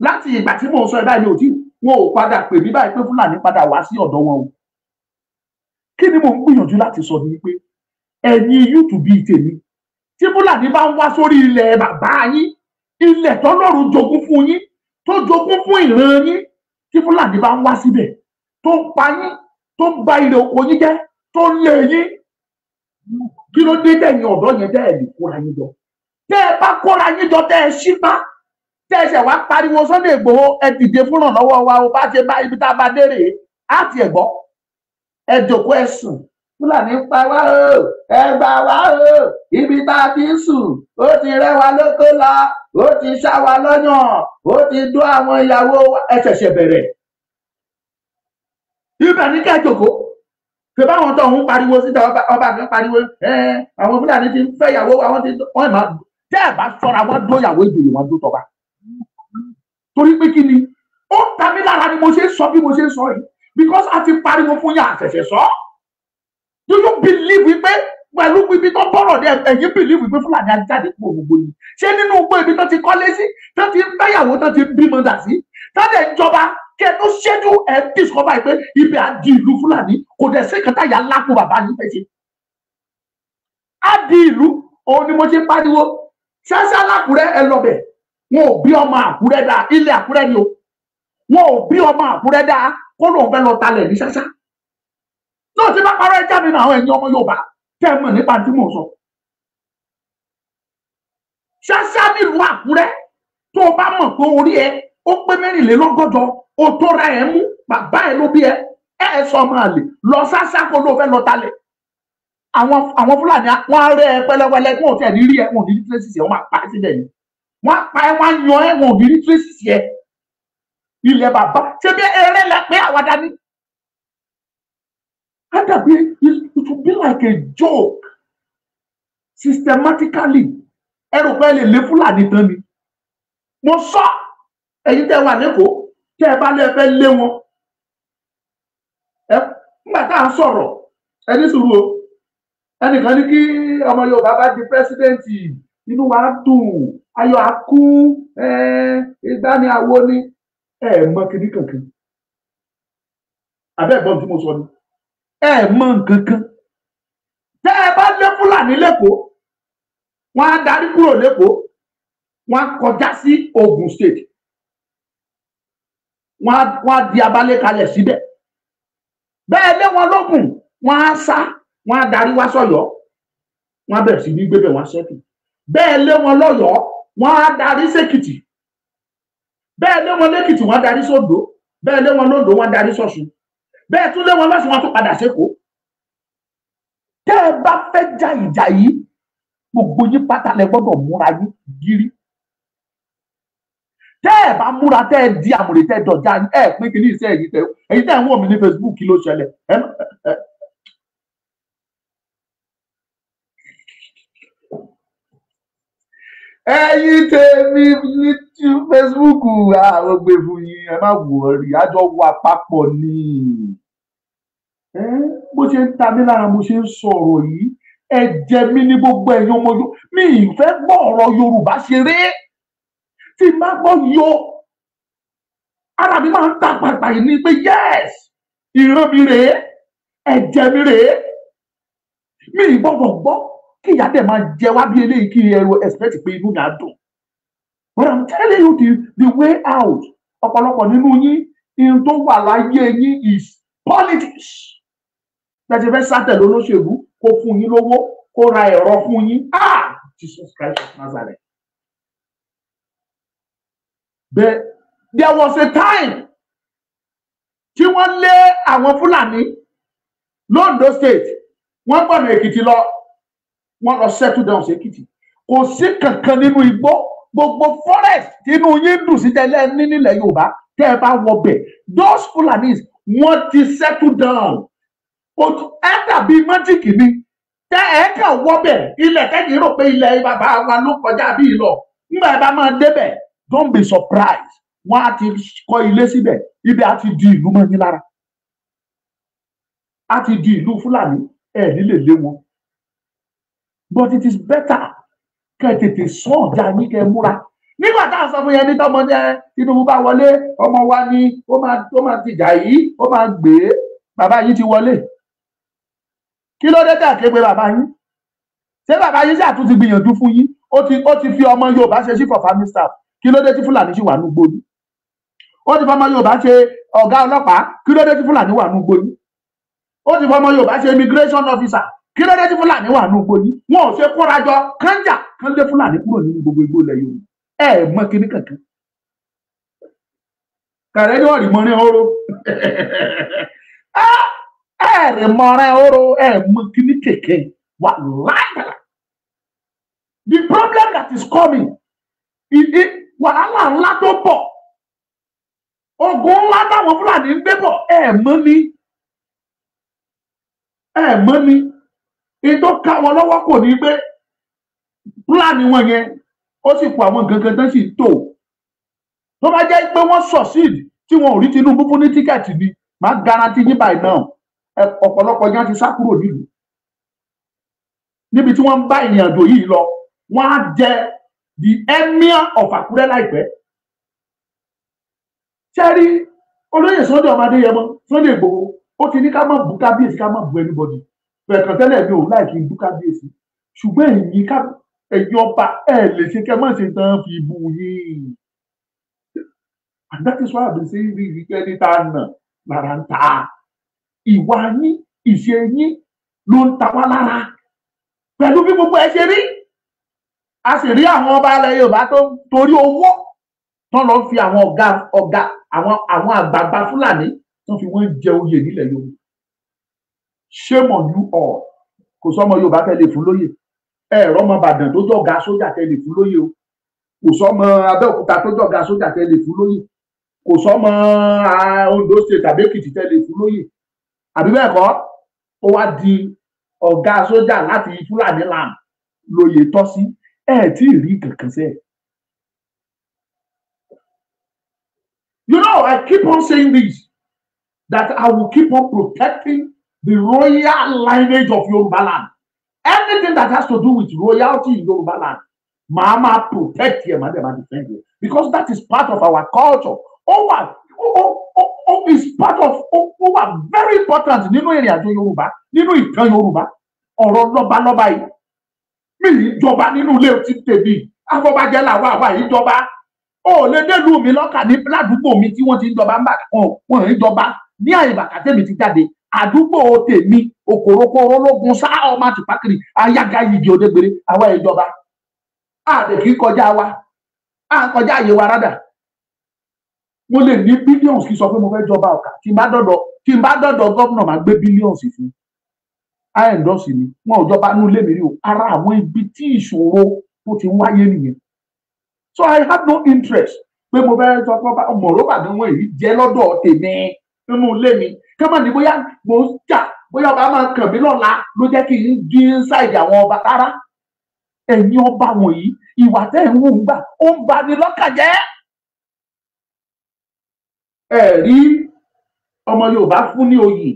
láti ìgbà tí mò ń sọ ẹ báyìí ò tí wọn ò padà pè mí báyìí pé fúlàní padà wá sí ọ̀dọ̀ wọn o kí ni mò ń gbìyànjú láti sọ ni pé ẹ̀yin YouTube bíi tèmi tí fúlàní bá ń wá sórí ilẹ̀ bàbá yín ilẹ̀ tọ́lọ́run jogún fún yín tó jogún fún ìran yín tí fúlàní bá ń wá síbẹ̀ tó ń pa yín tó ń ba ilẹ̀ oko yín jẹ́ tó ń lé yín kí ló dé tẹ̀yìn ọ̀dọ́ yẹn tẹ́ ẹ̀ lè kóra yín jọ tẹ́ ẹ bá kóra yín jọ tẹ́ ẹ ṣípá tẹ́ ẹ ṣẹ̀ wá pariwo Sunday Igboho ẹ dìde fúnràn lọ́wọ́ wa o bá ṣe bá ibi tá a bá dé rèé á tiẹ̀ gbọ́ ẹ jòkó ẹ sùn fúlàní ń pa wá o ẹ gbà wá o ibi tá a ti sùn ó ti rẹ́ wa lóko la ó ti ṣá wa lọ́yàn ó ti dún àwọn ìyàwó ẹ ṣẹ̀ṣẹ̀ bẹ̀rẹ̀ ibẹ̀ ní kẹ́jọ̀kó ṣe báwọn tó ń pariwo síta ọba kan pariwo àwọn fúlàní ti ń fẹ́ ìyàwó àwọn ti wọ́n máa tẹ́ ẹ̀ bá sọ́ra wọ́n dún ìyàwó ìjòyè wọn dún tọ́ba torí pé kí ni ó ń ta mí lára ni mo ṣe sọ bí mo ṣe sọ yìí because a ti pariwo fún yà àṣẹ̀ṣẹ̀ sọ. So do you believe wípé pẹ̀lú ibi tó bọ̀rọ̀ dé ẹ̀yin believe wípé fúlàní ajáde kú ògbógbó ni ṣé nínú gbọ́ ibi tó ti kọ́lé sí tó ti ń bẹ́yàwó tó ti ń bímọ dà sí tó dẹ̀ ń jọba kí ẹ tó ṣẹ́jú ẹ̀ ń discover pé ibẹ̀ á di ìlú fúlàní kò dẹ̀ sí kẹta ìyá ńlá kó bàbá yín fẹ́ ṣe á di ìlú òun ni mo ṣe pariwo ṣáṣá lákùrẹ́ ẹ lọ́bẹ̀ wọn ò bí ọmọ àkúrẹ́ dáa ilé àkúrẹ́ ni o wọn ò bí ọmọ àkúrẹ́ dáa kó lóun fẹ́ lọ talẹ̀ ní ṣáṣá náà ti bá parọ́ ẹja mi náà àwọn ẹ̀yin ọmọ Yorùbá tẹ́ ẹ mọ̀ nípa tí mò ń sọ. ṣáṣá nílùú Àkúrẹ́ tó o bá mọ̀ pé orí ẹ ó pé mẹ́rìnlélọ́gọ́jọ o tó ra ẹ mú bàbá ẹ ló bí ẹ ẹ ẹ sọ ọmọ àlè lọ ṣáṣá kó ló fẹ́ lọ talẹ̀. àwọn àwọn Fúlàní wọn á rẹ ẹ pẹlẹpẹlẹ kí wọn tẹ ní rí ẹ wọn ò ní rí tírẹsì ẹ wọn á pa ẹ sílẹ̀ yìí wọn á pa ẹ wọn á yan ẹ wọn ò ní rí tírẹsì ẹ ilẹ̀ bàbá ṣé bí eré lẹ pé àwàdà ni That be it will be like a joke systematically ẹrù pé lè lé fúlàní tán ni mo sọ ẹ̀yin tẹ́ wà lẹ́kọ̀ọ́ tẹ́ ẹ bá lẹ fẹ́ lé wọn ẹ nígbà tá à ń sọ̀rọ̀ ẹni sùúrù o ẹnìkan ní kí ọmọ Yorùbá bá di pírẹsidẹǹtì inú wa dùn ayọ̀ akú ẹ ìgbani àwo ni ẹ mọ kíní kankan abẹ́ ẹ̀gbọ́n tí mo sọ ni ẹ mọ nǹkan kan tẹ́ ẹ bá lé fúlàní lẹ́kọ̀ọ́ wọ́n á darí kúrò lẹ́kọ̀ọ́ wọ́n á kọjá sí Ogun State wọ́n á wọ́n á di abalẹ̀ kalẹ̀ síbẹ̀ bẹ́ẹ̀ lé wọn lókun wọ́n á sá wọ́n á darí wá sọ̀yọ́ wọ́n á bẹ̀rẹ̀ sí ní gbébẹ̀ wọ́n á ṣẹ́kù bẹ́ẹ̀ lé wọn lọ́yọ́ wọ́n á darí sẹ́kìtì bẹ́ẹ̀ lé wọn lẹ́kìtì wọ́n á darí sọ́dọ̀ bẹ́ẹ̀ lé wọn lọ́dọ̀ wọ́n á darí sọ́sùn bẹ́ẹ̀ tún lé wọn lọ́sùn wọn tún padà sékòó tẹ́ ẹ bá fẹ́ ja ìjà yìí gbogbo yín pátá lẹ gbọ́dọ̀ múra yín gírí tẹ́ ẹ bá múra tẹ́ ẹ di àmùrè tẹ́ ẹ dọ̀já ẹ pín kí ní iṣẹ́ èyí tẹ́ èyí tẹ́ ẹ ń wò mí ní Facebook kí ló ṣẹlẹ̀ ẹ ẹ ẹ̀yin tèmi ní Facebook àwọn gbé fún yín ẹ má wò ó rí àjọ wa papọ̀ ni bó ṣe ń ta mí lára mo ṣe ń sọ̀rọ̀ yìí ẹ̀jẹ̀ mi ní gbogbo ẹ̀yin ọmọ yòó mi ì fẹ́ gbọ́ ọ̀rọ̀ Yorùbá ṣeré tí n gbọ́ yọ ara mi máa ń ta pàpà yìí ni pé yẹ́s ìran mi rèé ẹ̀jẹ̀ mi rèé mi ì gbọ́dọ̀ gbọ́ kí ìyá dẹ̀ máa jẹ wá bí eléyìí kí ẹrù expect pé inú mi dùn but i'm telling you the the way out ọ̀pọ̀lọpọ̀ nínú yín ihun tó wà láyé yín is politics tẹ́tí fẹ́ sátẹ̀lẹ́ olóṣèlú kó fún yín lówó kó ra ẹ̀rọ fún yín ah Jesus Christ of Nazareth. bẹ́ẹ̀ there was a time tí wọ́n lé àwọn Fúlàní londo state wọ́n gbọ̀nà Èkìtì lọ wọ́n lọ settle down sí Èkìtì kò sí kankan nínú igbó gbogbo forest inú yín dùn sí tẹ́lẹ̀ ní nílẹ̀ Yorùbá tẹ́ ẹ bá wọbẹ̀ those Fulanis wọ́n ti settle down ojú ẹ dàbí mọ́jìkì ni tẹ ẹ kàn wọ́bẹ̀ ilẹ̀ tẹ́yìn rò pé ilẹ̀ bàbá wa ló kọjá bí lọ nígbà ẹ bá máa débẹ̀ don't be surprised wọn á ti kọ́ ilé síbẹ̀ ibẹ̀ á ti di ìlú mọ́ yín lára á ti di ìlú fúlàní ẹ̀ nílé lé wọn but it is better kẹ́ tètè sọ ọjà yín kẹ́ múra nígbà tá a sọ fún yẹn ní tọmọdé Tinubu bá wọlé ọmọ wa ni ó máa ó máa tìjà yìí ó máa gbé bàbá yìí ti wọlé kí ló dé tẹ̀ ké pé bàbá yín ṣé bàbá yín ṣáà tún gbìyànjú fún yín ó ti ó ti fi ọmọ Yorùbá ṣe sí for family staff kí ló dé tí Fúlàní ṣì wà ní gbòòrò ó ti fọmọ Yorùbá ṣe ọ̀gá ọlọ́pàá kí ló dé tí Fúlàní wà ní gbòòrò ó ti fọmọ Yorùbá ṣe immigration officer kí ló dé tí Fúlàní wà ní gbòòrò wọn ò ṣe kóra jọ kánjà kán lé Fúlàní kúrò nínú gbogbo igbó ilẹ̀ Yorùbá ẹ ẹ mọ kíní kankan kàrẹ́dọ̀rì mọ́rin ọ̀rọ̀ ah ẹ̀rẹ̀ mọ̀rẹ́ oró ẹ̀ mọ kíní kèké wà láyà the problem that is coming ìdí wàhálà ńlá tó bọ̀ ogun ńlá táwọn fúlàní ń gbé bọ̀ ẹ̀ mọ́ ni ẹ̀ mọ́ ni ìtò káwọn lọ́wọ́ kò ní gbé fúlàní wọn yẹn ó sì kó àwọn nǹkan kan tán sì tò tó bá jẹ́ pé wọ́n succeed tí wọn ò rí Tinubu fún ní tíkẹ́ẹ̀tì ni màá garanti yín báyìí náà ọ̀pọ̀lọpọ̀ yẹn ti sá kúrò nílùú níbi tí wọ́n ń bá ìrìn àjò yìí lọ wọ́n á jẹ the emir of Àkúrẹ́ láìpẹ́ sẹ́rí olóyè Sunday ọmọ Adéyẹmọ Sunday Ìgbòho ó ti ní ká má bú kábíyèsí ká má bú anybody fẹ̀kàn tẹ́lẹ̀ mi ò láì kí n bú kábíyèsí ṣùgbọ́n èyí ká ẹ̀yin ọba ẹ̀ lè ṣe kẹ́ má ṣe tán fi bú yín and that is why I been saying this weekend ní ta nà lára ìwà yín ìṣe yín ló ń ta wá lára pẹ̀lú bí gbogbo ẹ ṣe rí a sì rí àwọn ọba ilẹ̀ Yorùbá tó torí owó tán lọ fi àwọn ọ̀gá ọ̀gá àwọn àwọn àgbààgbà Fúlàní tó fi wọ́n jẹ oyè nílẹ̀ Yorùbá shame on you all kò sọmọ Yorùbá tẹlẹ fún lóyè ẹ̀rọ ọmọ Ìbàdàn tó jọ̀gá sójà tẹlẹ fún lóyè o kò sọmọ Abẹ́òkúta tó jọ̀gá sójà tẹlẹ fún lóyè kò sọmọ ah, Ondo State tàbí Èkìtì tẹlẹ fún lóyè àbí bẹ́ẹ̀ kọ́ ó wá di ọ̀gá sójà láti fúlàní lam lóye tọ́ sí ẹ̀ tí ì rí kankan sẹ́ẹ̀. You know, I keep on saying this that I will keep on protecting the royal lineage of Yoruba land. Anything that has to do with royalty in Yoruba land, Mama protect here, Mama defend here, because that is part of our culture. Oh, what? Oh, oh, oh, ó is part of ó wà very important nínú ìrìn àjò yorùbá nínú ìtàn yorùbá ọ̀rọ̀ lọ́balọ́ba yìí mi ìjọba nínú ilé ti tèmi afọbajẹ làwa àwa ìjọba ó lè délùú mi lọ́kà ní ládùúgbò mi tí wọ́n ti ń jọba ń bà kàn wọ́n ń jọba ní àyèbàkà tèmi ti jáde àdúgbò tèmi òkòrókòrò lógun sáà ọmọ àtìpákiri ayága yìí òdegbèrè àwa ìjọba àdèkí kọjá wa à ń kọjá àyè wa rádà mo lè ní billions kí n sọ pé mo fẹ́ jọba ọ̀kà tí n bá dọ̀dọ̀ tí n bá dọ̀dọ̀ gómìnà máa gbé billions fún àìndọ́sì ni wọn ò jọba nú lémi rí o ara àwọn ibi tí ìṣòro tó ti wáyé nìyẹn so i have no interest pé mo fẹ́ sọ pé mọ̀rọ́bà ni wọ́n èyí jẹ́ lọ́dọ̀ tèmi nínú ilé mi kẹ́mọ̀ ní bóyá mo ń jà bóyá ọba máa kàn mí lọ́la ló jẹ́ kí n di inside àwọn ọba rárá ẹ̀yin ọba wọ̀nyí ìwà tẹ́ ń wù ń gbà ó ń bani lọ́kàn jẹ́ ẹ̀rí ọmọ Yorùbá fún ní oyè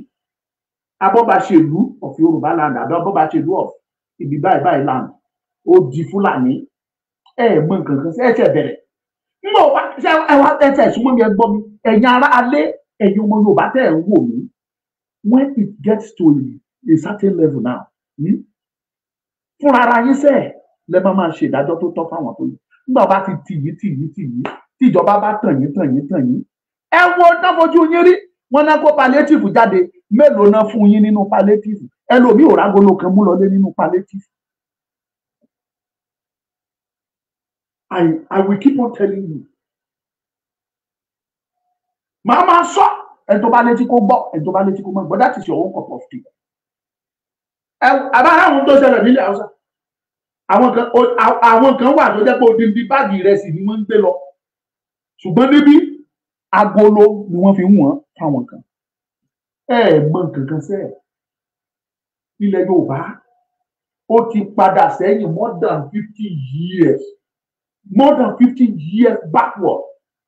abọ́bàṣèlú of Yorùbá land àbí abọ́bàṣèlú of ibi báyìí báyìí land ó di Fúlàní ẹ mọ nǹkan kan ẹsẹ̀ bẹ̀rẹ̀ ngbọ wa ṣe ẹwà ẹsẹ̀ súnmọ́ mi ẹ gbọ́ mi ẹ̀yin ara alẹ́ ẹ̀yin ọmọ Yorùbá tẹ́ ẹ ń wò mí when it gets to a certain level now hmm, fúnra ara yín sẹ lẹ máa máa ṣe ìdájọ́ tó tọ́ fáwọn tó yẹ nígbà bá ti tì yín tì yín tì yín tíjọba bá tàn yín tàn yín tàn yín ẹ wo náà fojú yín rí wọn náà kó palliative jáde mélòó náà fún yín nínú palliative ẹlòmíì ò rágolo kan mú lọlé nínú palliative. I, I will keep on telling you. Màá máa sọ ẹ̀ tó bá létí kó gbọ́ ẹ̀ tó bá létí kó mọ̀ gbọ́ that is your own cup of tea. Ẹ àbára àwọn tó ṣẹlẹ̀ nílẹ̀ Hausa àwọn kan wà tó jẹ́ pé odindi báàgì ìrẹsì ni wọ́n ń gbé lọ ṣùgbọ́n níbí agolo ni wọ́n fi ń wọ́n fáwọn kan ẹ ẹ mọ nǹkan kan sẹ́ẹ̀ ilẹ̀ Yorùbá ó ti padà sẹ́yìn more than fifty years more than fifty years backward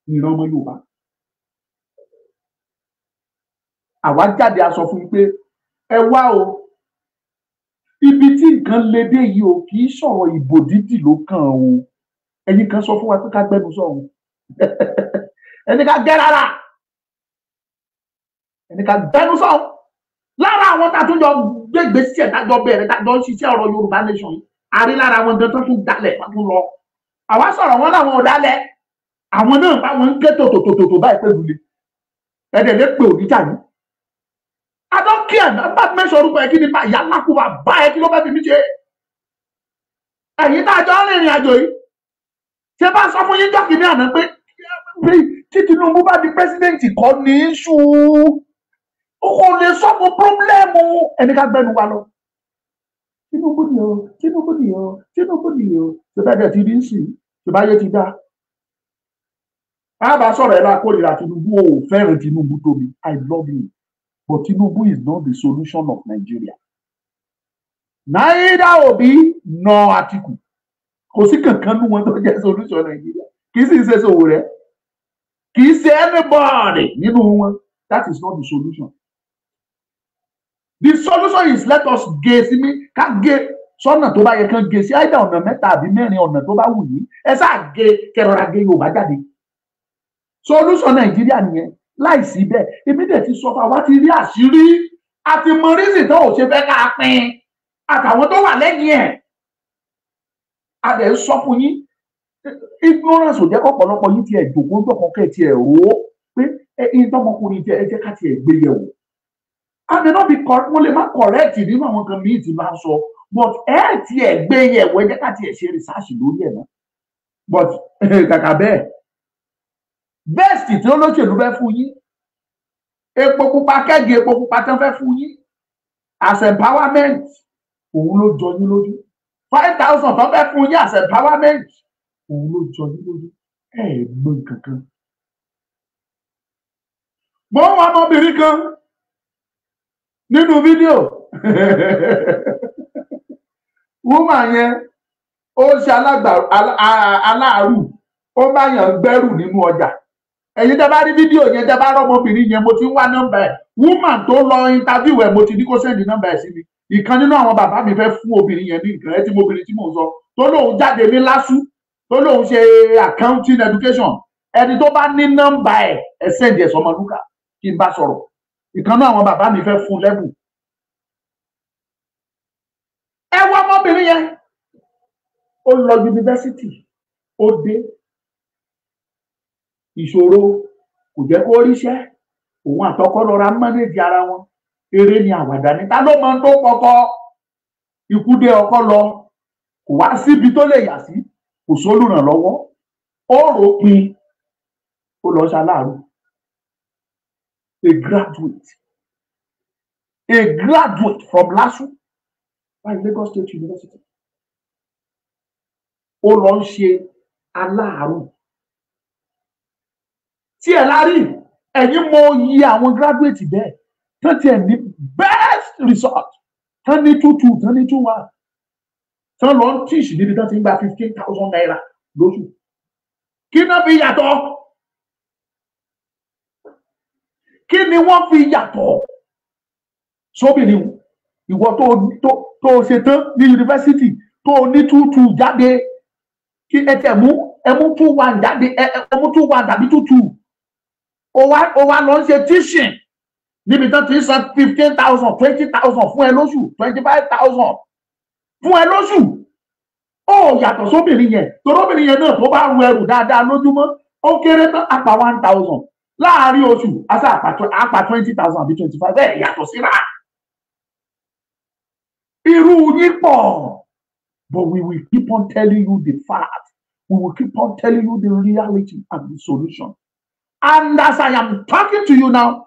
nìran ọmọ Yorùbá àwa jáde aṣọ fún yín pé ẹ wá o ibi tí nǹkan le dé yìí o kì í sọ̀rọ̀ ìbò dídì ló kàn o ẹ̀yin kan sọ fún wa pé ká gbẹnu sọ̀rọ̀ ẹni ká gẹ́ rárá ẹni ká bẹnu sọ lára àwọn tá a tún jọ gbégbé sí ẹ̀ tá a jọ bẹ̀rẹ̀ tá a jọ ń ṣiṣẹ́ ọ̀rọ̀ Yorùbá nation yìí a rí lára àwọn gan tó tún dalẹ̀ tó tún lọ àwa sọ̀rọ̀ wọn láwọn ò dalẹ̀ àwọn náà báwọn ń gé tòtòtòtò báyìí pẹ̀lú le ẹ̀dẹ̀ lè pè òdìjà yìí adọ́kíà bá mẹ́sàn orúkọ ẹ̀ kí ni báyà lákùbà bá ẹ kí ló bá fi mí ṣe ẹ̀yin tá a jọ ń rìnrìn àjò yìí ṣé bá sọ fún yín jọ́kì ní àná pé gbé tí Tinubu bá di pẹ́sidẹ́ǹtì kọ́ ní í ṣú o kò lè sọ́gun pírọ́blẹ́mù ẹni ká gbẹnu wa lọ. Tinubu ni o Tinubu ni o Tinubu ni o tó bá dẹ̀ ti rí sí tó bá yé ti dá. Bàbá sọ̀rọ̀ ẹ̀ bá kórìíra Tinubu o fẹ́ràn Tinubu tóbi I love you but Tinubu is not the solution of Nigeria. Neither Obi nor Atiku kò sí kankan nínú wọn tó jẹ́ solution Nigeria kì í sì ṣe sòwò rẹ̀ kì í ṣe anybody nínú wọn that is not the solution the solution is let us gé sí mi ká gé sọ́nà tó bá yẹ kán gé sí àìdá ọ̀nà mẹ́ta àbí mẹ́rin ọ̀nà tó bá wù yín ẹ sáà gé kẹrọra gé Yorùbá jáde solution Nàìjíríà nìyẹn láìsí bẹ́ẹ̀ èmi dẹ̀ ti sọ fún àwa ti rí àṣírí àti mọ rísì tó ò ṣe fẹ́ ká pín àtàwọn tó wà lẹ́yìn ẹ̀ a dẹ̀ ń sọ fún yín ignorance ò jẹ́ kọ́ ọ̀pọ̀lọpọ̀ yìí tiẹ̀ dògbò dọ̀kan kẹ́ tiẹ̀ rò ó pé ẹ iye tọmọkùnrin tiẹ̀ ẹ jẹ́ ká tiẹ̀ gbé yẹ̀wò and they no be correct wọ́n lè má correct nínú àwọn kan míì ti máa sọ but ẹ tiẹ̀ gbé yẹ̀wò ẹ jẹ́ ká tiẹ̀ ṣe research lórí ẹ̀ náà but kàkà bẹ́ẹ̀ best tí olóṣèlú fẹ́ fún yín epo pupa kẹ́gi epo pupa tán fẹ́ fún yín as empowerment òun ló jọ yín lójú five thousand tán fẹ́ fún yín as empowerment òun ló jọ yín lójú ẹ ẹ gbọ́ nǹkan kan. mo ń wá ọmọbìnrin kan nínú fídíò wúmà yẹn ó ṣe aláàrù ó bá yàn gbẹ́rù nínú ọjà ẹ̀yin tẹ́ bá rí fídíò yẹn tẹ́ bá rọ́mọbìnrin yẹn mo ti ń wá nọ́mbà ẹ̀ wúmà tó lọ intaviu ẹ̀ mo ti ní kó sẹ́ndì nọ́mbà ẹ̀ sí mi ìkan nínú àwọn bàbá mi fẹ́ fún obìnrin yẹn ní nǹkan ẹ ti mọ obìnrin tí mò ń sọ tó lóun jáde ní lásù tó lóun ṣe accounting education ẹni tó bá ní nọ́mbà ẹ ẹ sẹ́ǹdì ẹ̀sọ́ ọmọ lúkà kí n bá sọ̀rọ̀ ìkànnà àwọn bàbá mi fẹ́ fún lẹ́bùn ẹ wọ ọmọbìnrin yẹn ó lọ yunifásitì ó dé ìṣòro kò jẹ́ kó ríṣẹ́ òun àtọkọ lọ ra mọ́nẹ́jì ara wọn eré ni àwàdà ni ta ló máa ń tó kọkọ ikú dé ọkọ lọ kò wá síbi tó lè yà sí kò sólùrànlọ́wọ́ ó ròpin ó lọ ṣaláàrú a graduate a graduate from LASU by Lagos State University ó lọ ń ṣe aláàrú tí ẹ lárí ẹ̀yin mọ iye àwọn graduate bẹ́ẹ̀ tó tiẹ̀ ní best result tán ní two two tán ní two one tán lọ ń tíṣì níbi tán ti ń gba fifteen thousand naira lóṣù kí náà fi yàtọ̀ kí ni wọ́n fi yàtọ̀ sóbìnrin ìwọ tó tó tó ṣe tán ní yunifásitì tó ní tútù jáde kí ẹ tẹ̀ mú ẹ mú two one jáde ẹ ẹ mú two one tàbí two two ó wá ó wá lọ ń ṣe tíṣìn níbi tán ti ń san fifteen thousand twenty thousand fún ẹ lóṣù twenty five thousand fún ẹ lóṣù ó yàtọ̀ sóbìnrin yẹn torobìnrin yẹn náà tó bá ru ẹrù dáadáa lójúmọ́ ó kéré tán àpà one thousand láàárín oṣù àṣà àpà twenty thousand àbí twenty five bẹ́ẹ̀ yàtọ̀ síra irú yín pọ̀ but we will keep on telling you the fact we will keep on telling you the reality and the solution and as I am talking to you now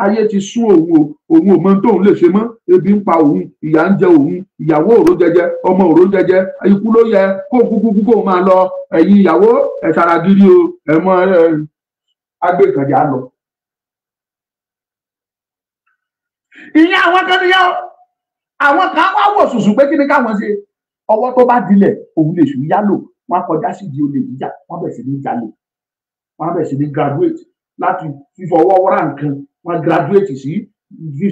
ayé ti sún òun o òun ò mọ tóun lè ṣe mọ́ ebi ń pa òun ìyà ń jẹ òun ìyàwó òró jẹjẹ ọmọ òró jẹjẹ ikú ló yẹ kó kúkú kó máa lọ ẹ̀yin ìyàwó ẹ tara gírí o ẹ mọ ẹ agbẹkànjá lọ. ìyẹn àwọn kan níyà àwọn kan wá wò sùsù pé kí ni káwọn ṣe ọwọ́ tó bá dilẹ̀ òun lè sùn yálò wọn á kọjá sí di olè jíjà wọn bẹ̀ sí ní jalè wọn bẹ̀ sí ní graduate láti fífọwọ́ wọ́ra nǹkan wọ́n graduate sí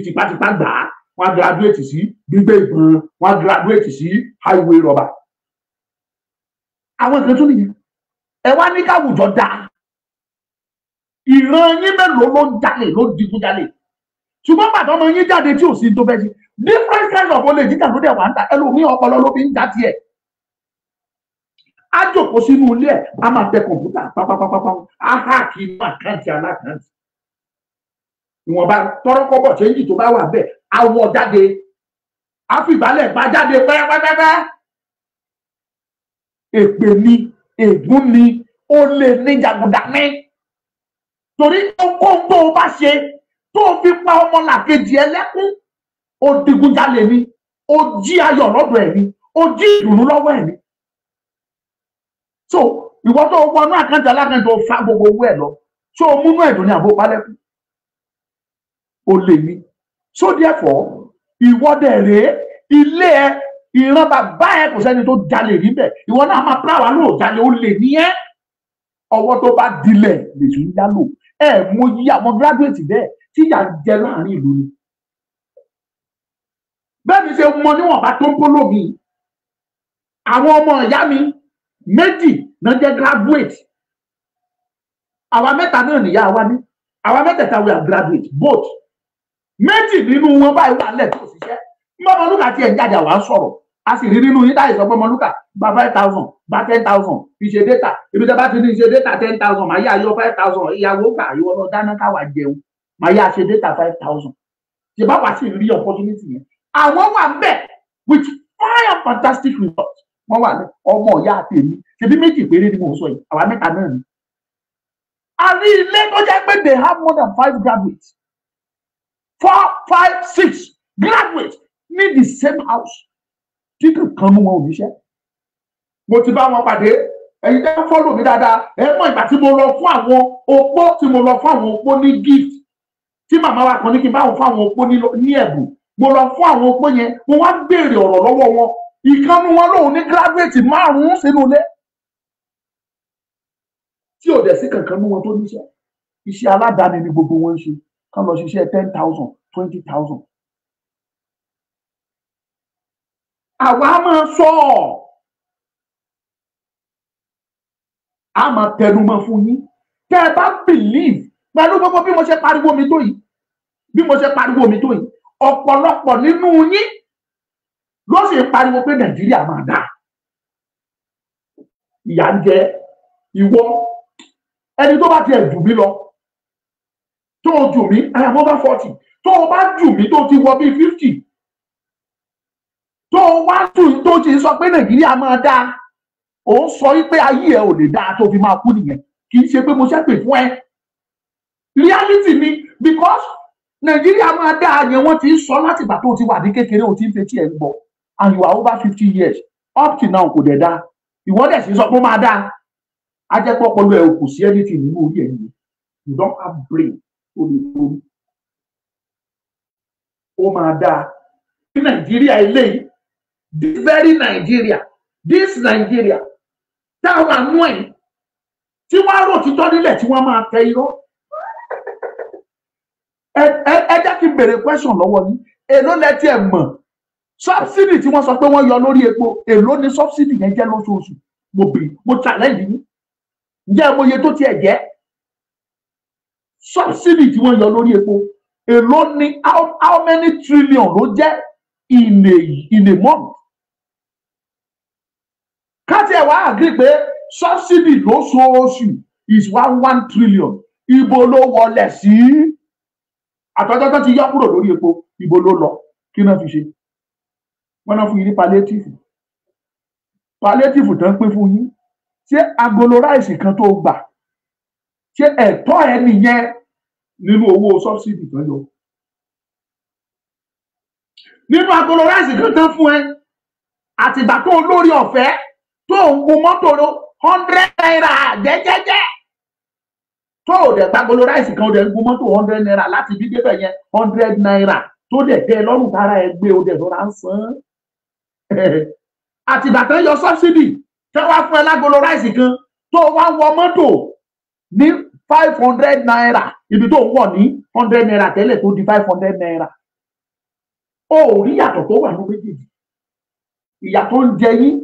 tipátipá gbà á wọ́n graduate sí gbígbé ìbọn wọ́n graduate sí highway rọ̀bà àwọn kan tún nìyẹn ẹ wá ní káwùjọ dáa ìran yín mélòó ló ń jalè ló ń digun jalè ṣùgbọ́n bàtà ọmọ yín jáde tí ò sí tó fẹ́ ṣe different kind of olè jíjà ló dẹ̀ wá ń ta ẹlòmíì ọpọlọ ló fi ń já tiẹ̀ á jókòó sínú ilé ẹ̀ á máa tẹ kọ̀ǹpútà pápápápá á háàkì inú àkáǹtì alákáǹtì ìwọ̀nba tọ́rọ́kọ́bọ̀ ṣéǹjì tó bá wà bẹ́ẹ̀ awọ jáde àfìgbálẹ̀ bá jáde pẹ́ẹ́pẹ́ẹ́pẹ́ èpè ni ègún ni ó lè ní jàgùdà ní torí ohunkóhun tó o bá ṣe tó o fi pa ọmọlàkejì ẹlẹ́kún ó digunjalè ni ó jí ayọ̀ lọ́dọ̀ ẹ̀ ni ó jí ìdùnnú lọ́wọ́ ẹ̀ ni so ìwọ tó wọnú àkáǹtì alákàǹtì tó fa gbogbo owó ẹ̀ lọ ṣé o múnú ẹ̀dùn ni àbó palẹ́kùn olè ni so therefore ìwọ́dẹ̀ rèé ilé ẹ ìran bàbá ẹ kò sẹ́ni tó jalè rí bẹ́ẹ̀ ìwọ náà máa pààrọ̀ àlọ́ òjalè olè ní ẹ́ ọwọ́ tó bá dilẹ̀ lèṣù ń yálò ẹ mọ iye àwọn gíráduwétì bẹ́ẹ̀ tí ìyà ń jẹ láàrin ìlú ni bẹ́ẹ̀ ni ṣe mọ níwọ̀nba tó ń polo mi àwọn ọmọ ìyá mi méjì náà jẹ́ graduate àwa mẹ́ta náà nìyá wa ní àwa mẹ́tẹ̀ẹ̀ta we are graduate both méjì nínú wọn báyìí wà lẹ̀ tó ṣiṣẹ́ mọ́mọ́lúkà tiẹ̀ ń jáde àwa sọ̀rọ̀ a sì rí nínú yín táyì sọ pé mọ́lúkà gba five thousand gba ten thousand ìṣe data ibi tí a bá ti ní ìṣe data ten thousand màá yá yọ five thousand ìyàwó kà yọ lọ dáná káwa jẹun màá yá ṣe data five thousand ṣe bá wà sí rí opportunity yẹn àwọn wà bẹ́ẹ̀ with fire fantastic result wọ́n wà ní ọmọ ìyá àtẹ̀mí ṣebí méjì péré ni mo sọ yìí àwa mẹ́ta náà ni. a rí ilé tó jẹ́ pé they have more than five graduates four five six graduates need the same house tí kankan mú wọn ò níṣẹ́ mo ti bá wọn pàdé ẹ̀yin tẹ́ fọ́lò mi dáadáa ẹ mọ̀ ìgbà tí mo lọ fún àwọn opó tí mo lọ fún àwọn opó ní gift tí màmá wa kan ní kí n bá wọn fún àwọn opó ní ẹ̀bùn mo lọ fún àwọn opó yẹn mo wá béèrè ọ̀rọ̀ lọ́wọ́ wọn ìkànnì wọn lòun ní gírádùétì márùn-ún sínú ilé tí ò dẹ̀ sí kankan mú wọn tó níṣẹ́ iṣẹ́ aládàáni ni gbogbo wọn ń ṣe kán lọ ṣiṣẹ́ ten thousand twenty thousand. àwa máa sọ ọ a máa tẹnumọ́ fún yín tẹ́ ẹ bá believe pẹ̀lú gbogbo bí mo ṣe pariwo mi tó yìí bí mo ṣe pariwo mi tó yìí ọ̀pọ̀lọpọ̀ nínú yín ló sì pariwo pé nàìjíríà máa dà ìyà ń jẹ ìwọ ẹni tó bá tiẹ̀ jù mí lọ tó o jù mí i am over forty tó o bá jù mí tó o ti wọ bíi fifty tó o wá jù tó o ti sọ pé nàìjíríà máa dáa ò ń sọ wípé ayé ẹ ò lè dáa tó fi máa kú nìyẹn kì í ṣe pé mo ṣẹ́pẹ̀ fún ẹ reality ni because nàìjíríà máa dáa yẹn wọ́n ti ń sọ láti ìgbà tó ti wà ní kékeré o ti ń fetí ẹ̀ ń gbọ́ and you are over fifty years up till now kò dẹ̀ dáa ìwọ́n dẹ̀ sì sọ pé ó máa dáa ajẹ́pọ̀ pọ̀lú ẹ̀ o sí anything nínú orí ẹ̀ nìyẹn you don't have brain ó lè borí ó máa dáa ní nàìjíríà eléyìí this very nàìjíríà this nàìjíríà táwọn àánú ẹ̀ tí wọ́n á rò títọ́ nílẹ̀ tí wọ́n máa tẹ irọ́ ẹ jẹ́ kí n béèrè question lọ́wọ́ yín èló lẹ tiẹ̀ mọ̀ subsidy tí wọ́n sọ pé wọ́n yọ lórí epo èló ni subsidy yẹn jẹ́ lóṣooṣù mo bì mo challenge yín ǹjẹ́ mo yẹ tó tiẹ̀ jẹ́ subsidy tí wọ́n yọ lórí epo èló ni how how many trillion ló jẹ́ in a in a month káti ẹ̀ wá agree pé subsidy lóṣooṣù is one one trillion ibo ló wọlé sí àtọ́jọ́ tó ti yọ kúrò lórí epo ibo ló lọ kí náà fi ṣe wọ́n náà fún yín ní palliative palliative tán pín fún yín ṣé agolo ráìsì kan tó gbà ṣé ẹ̀tọ́ ẹ nìyẹn nínú owó sọbsidi kan yọ nínú agolo ráìsì kan tán fún ẹ àtìgbà tó lórí ọ̀fẹ́ tó ń gun mọ́tò hundred naira jẹ́jẹ́jẹ́ tó o dẹ̀ gbàgbolo ráìsì kan o dẹ̀ ń gun mọ́tò hundred naira láti bí débẹ̀ yẹn hundred naira tó dẹ̀ tẹ lọ́rùn tara ẹ gbé o dẹ̀ lọ́ra ń san àtìgbà tán yọ sọ́bsidì tẹ́ wá fún ẹ lágolo ráìsì kan tó wá wọ mọ́tò ní five hundred naira ibi tó ń wọ̀ ní hundred naira tẹ́lẹ̀ tó di five hundred naira o ò rí ìyàtọ̀ tó wà ní méjèèjì ìyàtọ̀ ń jẹ yín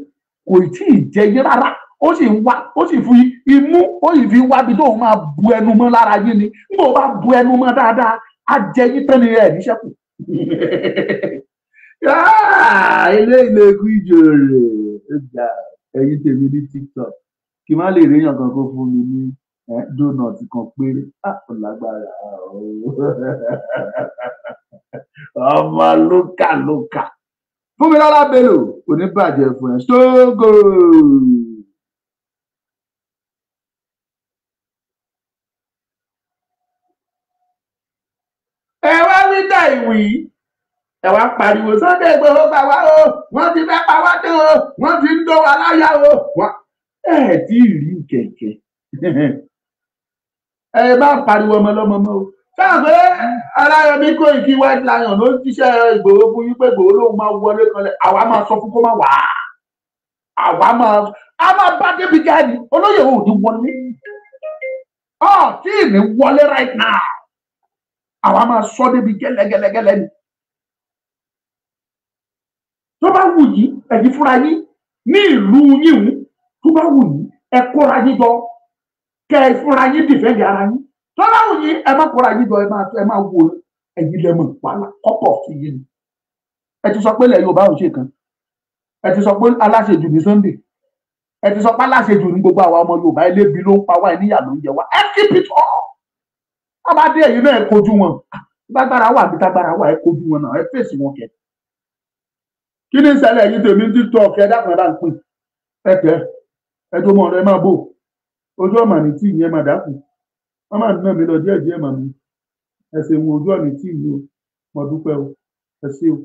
kò tí ì jẹ yín rárá ó sì ń wá ó sì fi imú ó sì fi wá ibi tó ń máa bu ẹnu mọ́ lára yín ni nígbà ó bá bu ẹnu mọ́ dáadáa á jẹ yín tán ni ẹ̀ níṣẹ́ kù ah, ilé ilé ikú ìjọ rẹ̀ ẹ̀yin tèmi ní tiktok kí n má lè rí èèyàn kankan fún mi ní. Eh, donut kan péré ah, lágbára ah, ọmọ lókà lókà Fúnmilọ́lá Bello oníbàjẹ́ fún ẹ ṣógo. ẹ wá ní dàìwì ẹ wá pariwo Sunday Igboho bá wa o wọ́n ti fẹ́ pa wá dé o wọ́n ti ń dó wa láyà o ẹ rí kẹ̀kẹ́. ẹ bá pariwo ọmọ lọ́mọ mọ́ o sáà pé aláyọmí kò ìkí white lion ló ń jíṣẹ́ ìgbòho fún yín pé ìgbòho ló máa wọlé kanlẹ̀ àwa máa sọ fún kó má wà á àwa máa a máa bá débi jáde olóyè ò ní wọlé ọ tí ìní wọlé right now àwa máa sọ débi gẹ́lẹ́gẹ́lẹ́gẹ́lẹ́ ni tó bá wù yín ẹ̀yin fúnra yín ní ìlú yín tó bá wù yín ẹ kóra yín jọ kẹ ẹ fúnra yín dìfẹ́ǹdì ara yín tọ́láhùn yín ẹ má kóra yín jọ ẹ má ẹ má wo ẹ̀yin lẹ́mọ̀ wàhálà kọ́pọ̀ sí yín ni ẹ ti sọ pé ilẹ̀ Yorùbá ò ṣe kan ẹ ti sọ pé aláṣejù ní Sunday ẹ ti sọ pé aláṣejù ní gbogbo àwa ọmọ Yorùbá elébi ló ń pa wá níyà ló ń jẹ wá ẹ keep it all ọba dé ẹ̀yin náà ẹ kojú wọn gbàgbára ah, wà bí tágbára wà ẹ kojú wọn náà ẹ fèsì wọn kẹ kí ni ìṣẹ̀lẹ̀ yìí tèmi TikTok ẹ dákun ẹ bá ẹ tẹ ẹ tó mọ ọ̀rọ̀ ẹ bò ojú ọ̀mà ní tíì yẹn máa dákun wọ́n máa ná mi lọ díẹ̀ díẹ̀ màmí ẹ ṣeun ojú ọ̀nì tíì mi o mo o ẹ ṣé o.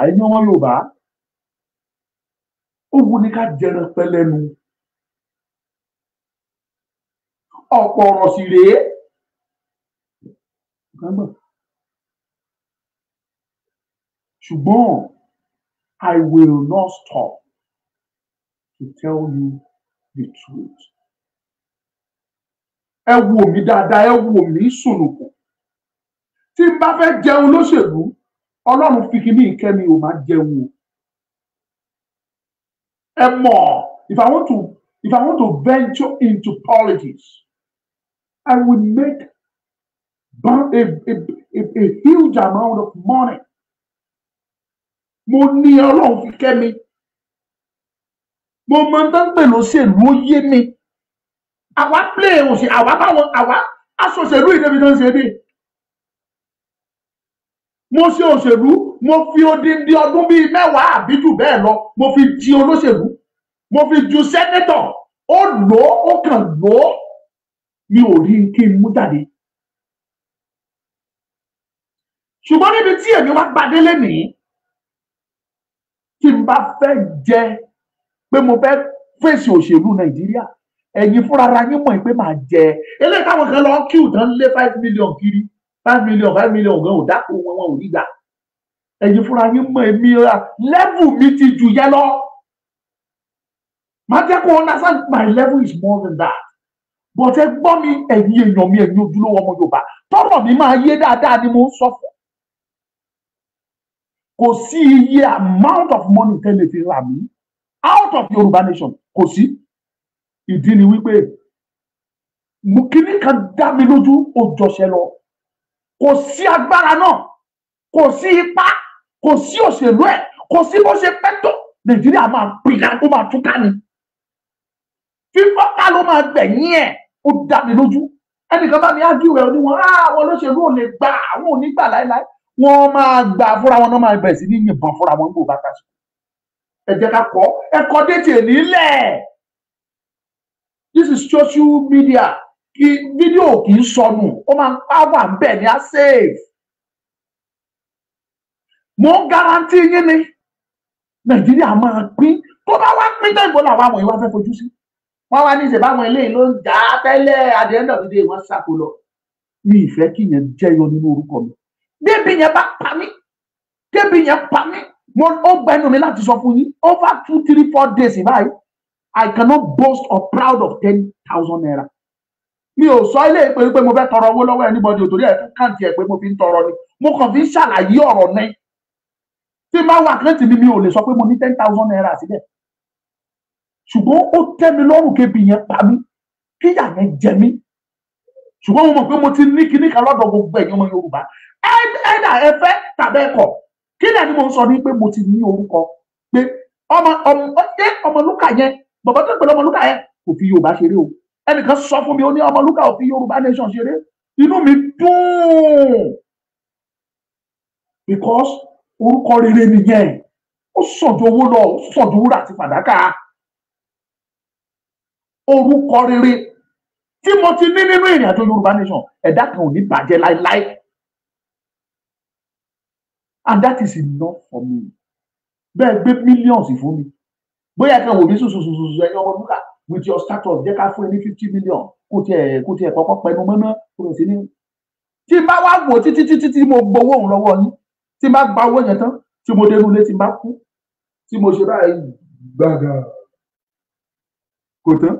ẹ̀yin ọmọ Yorùbá ó wu ni ká jẹran pẹlẹnu ọ̀pọ̀ ọ̀rọ̀ sì rèé ṣùgbọ́n I will not stop to tell you the truth. ẹ wò mí dáadáa ẹ wò mí sùnùkù tí n bá fẹ́ jẹun lóṣèlú ọlọ́run fi kíní ìkẹ́mi ò máa jẹun ẹ mọ̀ if I want to if I want to venture into politics I will make a, a, a, a huge amount of money mo ní ọlọ́run fi kẹ́mi mo mọ dánpẹ lóṣèlú ó yé mi àwa plé òṣè àwa báwọn àwa aṣòṣèlú ìdẹbi tó ń ṣe dé mo ṣe òṣèlú mo fi odindi ọdún bíi mẹ́wàá àbí jù bẹ́ẹ̀ lọ mo fi jí olóṣèlú mo fi ju sẹ́nẹ́tọ̀ ó lò ó ó kàn lò ó mi ò rí kí n mú jáde ṣùgbọ́n níbi tí èmi wá gbadé lénìí tí n bá fẹ́ jẹ pé mo fẹ́ fèsì òṣèlú nàìjíríà ẹ̀yin fúnra ara yín mọ̀ pé màá jẹ eléyìí táwọn kan lọ kíw tán lé five million kiri five million five million gan ò dákò wọn wọn ò ní gbà ẹ̀yin fúnra yín mọ̀ èmi ra level mi ti jù yẹ lọ màá jẹ́ kó understand my level is more than that but ẹ gbọ́ mi ẹ̀yin èèyàn mi ẹ̀yin ojúlówó ọmọ yorùbá tọ́rọ̀ mi máa yé dáadáa ni mo ń sọ fún kò sí iye amount of money tẹ́lẹ̀ fi rà mí out of Yorùbá nation kò sí ìdí ni wípé kíní kan dá mi lójú ó jọṣẹ lọ kò sí agbára náà kò sí ipá kò sí òṣèlú ẹ kò sí bó ṣe pẹ́ tó Nàìjíríà máa pìlà ó máa túká ni fífọ́ ká ló máa gbẹ̀yìn ẹ̀ ó dá mi lójú ẹnìkan bá mi ágìrò ẹ oníwọn ah, àwọn olóṣèlú ò lè gba àwọn ò ní gbà láéláé wọn máa gbà fúnra wọn náà máa bẹ̀rẹ̀ sí ní yìnbọn fúnra wọn gbò bá ẹ jẹ́ ká kọ́ ẹ̀kọ́ déètì nílẹ̀ this is social media kí fídíò kì í sọnù ó máa ń pàwà ń bẹ̀ ní á save mo ń garanti yín ni nàìjíríà máa pín tó bá wá pín tó ìbò làwọn àwọn ìwà fẹ́ fojú sí wọn wá ní ìṣèlú àwọn eléyìí ló ń jà á tẹ́lẹ̀ àdéhùn òdìdí wọn ṣàkó lọ mi ìfẹ́ kí yẹn jẹyọ nínú orúkọ mi débi yẹn bá pa mí débi yẹn pa mí mo ó gbẹnu mi láti sọ fún yín over two three four days báyìí i cannot boast or proud of ten thousand naira mi ò sọ ilé pé pé mo fẹ́ tọrọ owó lọ́wọ́ anybody òtòrí ẹ̀ fún káàntì ẹ̀ pé mo fi ń tọrọ ni mo kàn fi ń ṣàlàyé ọ̀rọ̀ náà tí n bá wà kírẹ́tì mi mi ò lè sọ pé mo ní ten thousand naira sílẹ̀ ṣùgbọ́n ó tẹ́ mi lọ́rùn kébi yẹn pa mí kíyà yẹn jẹ mí ṣùgbọ́n mo mọ̀ pé mo ti ní kíní kan lọ́dọ̀ gbogbo ẹ̀yin ọmọ Yorùbá ẹ̀ẹ́dà ẹ fẹ́ tàbẹ́ kọ̀ kí ni ẹni mo ń sọ ní pé mo ti ní orúkọ pé ọmọ ọmọ ṣé Ọmọlúkà yẹn bàbá tó pẹ̀lú Ọmọlúkà yẹn kò fi Yorùbá ṣeré o ẹnìkan sọ fún mi ó ní Ọmọlúkà ò fi Yorùbá nation ṣeré inú mi dùn because orúkọ rere nìyẹn ó sàn ju owó lọ ó sàn ju wúrà àti fàdákà orúkọ rere tí mo ti ní nínú ìrìn àjò Yorùbá nation ẹ̀dá kan ò ní bàjẹ́ láéláé and that is enough for me bẹ́ẹ̀ gbé millions fún mi bóyá kan wò mí sùsùsùsù ẹ̀yin ọmọ lúkà with your status jẹ́ ká fún ẹ ní fifty million kó tiẹ̀ kó tiẹ̀ kọ́kọ́ pẹnu mọ́ná kó tiẹ̀ sí ní. tí n bá wá wò títí títí tí mo gbowó òun lọ́wọ́ yín tí n bá gba owó yẹn tán tí mo dénú ilé tí n bá kú tí mo ṣe báyìí gbàgà kò tán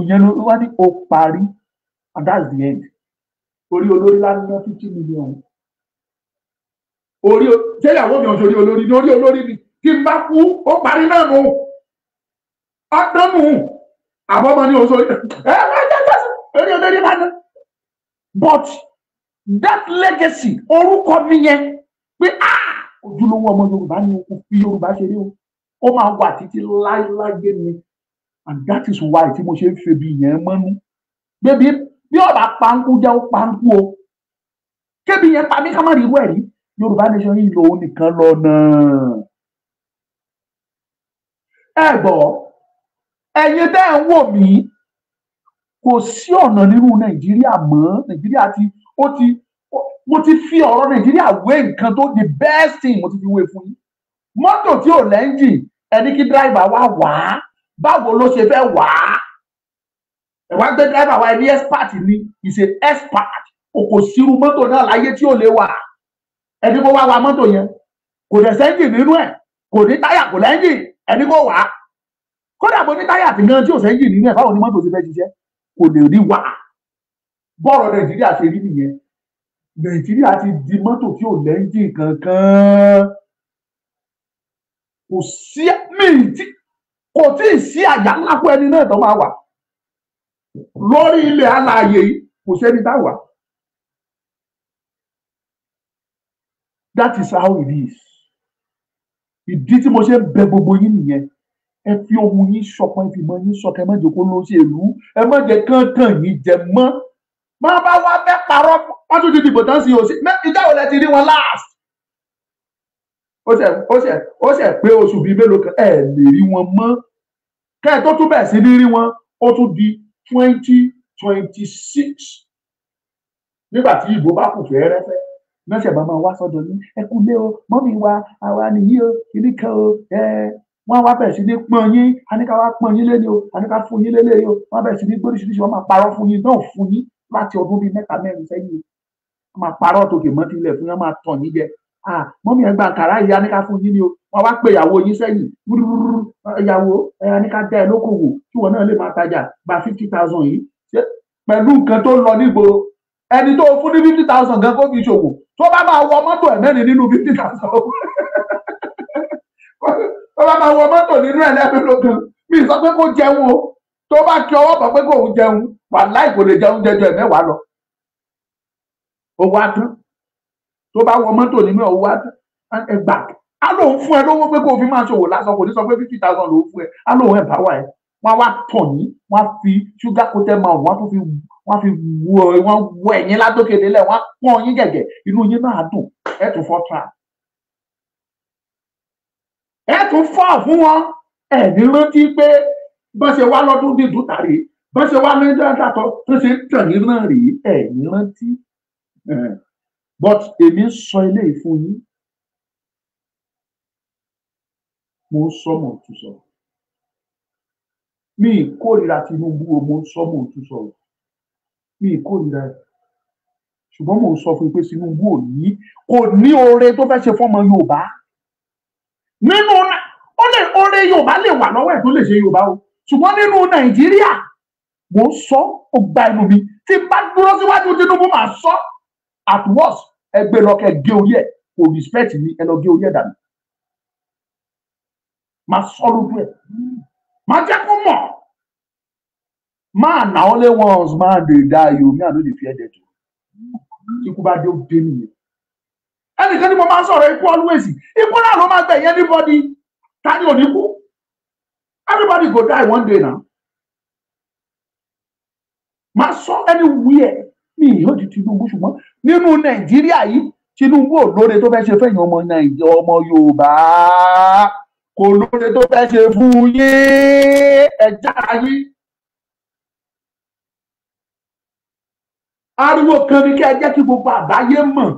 ìyẹn ló wá ní o parí and that's the end orí olórí lá ná fifty million orí jẹ́yàwó mi ọ̀jọ̀ orí olórí ni orí olórí ni kí n bá kú ó parí náà nù ọdún nù àbọ̀mọ ni oṣù ẹ ẹ jẹ́jẹ́sì orí olórí bá dán but that legacy orúkọ mi yẹn pé ojúlówó ọmọ Yorùbá ni o fi Yorùbá ṣeré o ó máa wà títí láéláyé ni and that is why tí mo ṣe ń febi yẹn mọ́nú bébí bí ọba pankú jẹ́ pankú o kébi yẹn pa mí ká má rí irú rí yorùbá nation yìí lòun nìkan lọ náà ẹ gbọ́ ẹ̀yin tẹ́ ẹ̀ ń wò mí kò sí ọ̀nà nínú nàìjíríà mọ́ nàìjíríà ti ó ti mo ti fi ọ̀rọ̀ nàìjíríà wé nǹkan tó the best thing mo ti fi wé fún yín mọ́tò tí ò lẹ́ńjì ẹni kí dráìbà wá wá báwo ló ṣe fẹ́ wá ẹ wá gbé dráìbà wá ẹni expert ni ìṣe expert o kò sírú mọ́tò náà láyé tí ò lè wà ẹni kó wá wa mọ́tò yẹn kò dẹ̀ sẹ́ńjì nínú ẹ̀ kò ní táyà kò lẹ́ńjì ẹni kó wà á kódà bó ní táyà tí gan tí ò sẹ́ńjì nínú ẹ̀ báwo ni mọ́tò ti fẹ́ ṣiṣẹ́ kò lè rí wà á bọ́ọ̀rọ̀ nàìjíríà ṣe rí nìyẹn nàìjíríà ti di mọ́tò tí ò lẹ́ńjì kankan kò sí míì tí kò tí ì sí àjà ńlá fún ẹni náà tó máa wà lórí ilẹ̀ alààyè yìí kò sẹ́ni tá that is how it is ìdí tí mo ṣe ń bẹ gbogbo yín nìyẹn ẹ fi ohun yín ṣọkan ẹ fi mọ yín ṣọkan ẹ má jẹ́ kó ló ṣe ìlú ẹ má jẹ́ kántàn yín jẹ mọ́ má bá wá fẹ́ parọ́ wọ́n tún ti dìbò tán sí òsì ìjà wo lẹ ti rí wọn last ó ṣe ó ṣe ó ṣe pé oṣù bíi mélòó kan ẹ lè rí wọn mọ́ kẹ́ ẹ tó tún bẹ̀ sí ní rí wọn ó tún di twenty twenty six nígbà tí ìbò bá kù fẹ́ẹ́rẹ́fẹ́ náà ṣẹ̀ máa wá sọ́dọ̀ yín ẹ kú lé o mọ́mí wa àwa nìyí o kìíní kan o ẹ wọ́n wá bẹ̀rẹ̀ sí ní pọ́n yín àníká wá pọ́n yín lẹ́ni o àníká fún yín lélẹ́yìí o wọ́n bẹ̀rẹ̀ sí ní gbóríṣiríṣi wọ́n máa parọ́ fún yín náà fún yín láti ọdún bíi mẹ́ta mẹ́rin sẹ́yìn wọ́n máa parọ́ tòkè mọ́ tilẹ̀ fún yín wọ́n máa tàn yín jẹ ah mọ́mí ẹ̀ gba àkàrà yìí àníká fún yín ni o wọ́n wá pè ìyàwó yín sẹ́yìn rúrúrú ìyàwó àníká dá ẹ lókòwò tí thousand yìí pẹ̀lú nǹkan tó lọ nígboro ẹni tó fún ní fifty thousand gan kó kì í ṣòwò tó bá máa wọ mọ́tò ẹ̀ mẹ́rin nínú fifty thousand tó bá máa wọ mọ́tò nínú ẹ̀ lẹ́ẹ̀mí lókan mi sọ pé kó jẹun o tó bá kí ọwọ́ bọ̀ pé kó òun jẹun wà láì kò lè jẹun jẹjọ ẹ̀ mẹ́wàá lọ owó adán tó bá wọ mọ́tò nínú ẹ̀ owó adán ẹ gbà á lóun fún ẹ lówó pé kó o fi máa ṣòwò lásán kò ní sọ pé fifty thousand lòún fún ẹ á lóun ẹ̀ bá wà ẹ wọn wá tọ̀ yín wọn fi ṣúgà kótẹ́ máa wọn tó fi wọ́n fi wú ọ wọ́n wọ ẹ̀yìn ládókè délẹ̀ wọ́n pọ́n yín gẹ̀gẹ̀ inú yín náà dùn ẹ tún fọ́ tra ẹ tún fọ́ fún wọn ẹ rántí pé bọ́n ṣe wá lọ́dún dídùn tàrí bọ́n ṣe wá ní dáadáa tó ṣe tàn yín náà rèé ẹ rántí but èmi ń sọ eléyìí fún yín mo ń sọ mọ̀ òtún sọ̀rọ̀ mi ìkórira Tinubu o mo ń sọ mọ̀ òtún sọ̀rọ̀ mi ì kórìíra ẹ̀ ṣùgbọ́n mò ń sọ fún pé Tinubu ò ní kò ní oore tó fẹ́ ṣe fọ́mọ Yorùbá nínú ó lè oore Yorùbá lè wà lọ́wọ́ ẹ̀ tó lè ṣe Yorùbá o ṣùgbọ́n nínú Nàìjíríà mò ń sọ ó gba ẹnu mi tí bá dúró síwájú Tinubu máa sọ at worst ẹgbẹ́ lọ́kẹ́ gé orí ẹ̀ kò respect mi ẹ lọ gé orí ẹ̀ dànù máa sọ lójú ẹ̀ máa jẹ́ kó mọ̀ Man na only once man dey die You, me I no dey fear death o. Oh. Ikú bá dé me, dé nìyẹn. Ẹnìkan ni mo máa ń sọ̀rọ̀ ikú always. Ikú náà ló máa gbẹ̀yìn anybody. Ta ni ò ní kú? Everybody go die one day now. Máa sọ anywhere ní ìyóòdì Tinubu ṣùgbọ́n nínú Nàìjíríà yìí Tinubu ò lóore tó fẹ́ ṣe fẹ́yìn ọmọ Nàìjíríà ọmọ Yorùbá kò lóore tó fẹ́ ṣe fún yé ẹ̀jára yìí. ariwo kan ni kí ẹ jẹ́ kí gbogbo àgbáyé mọ̀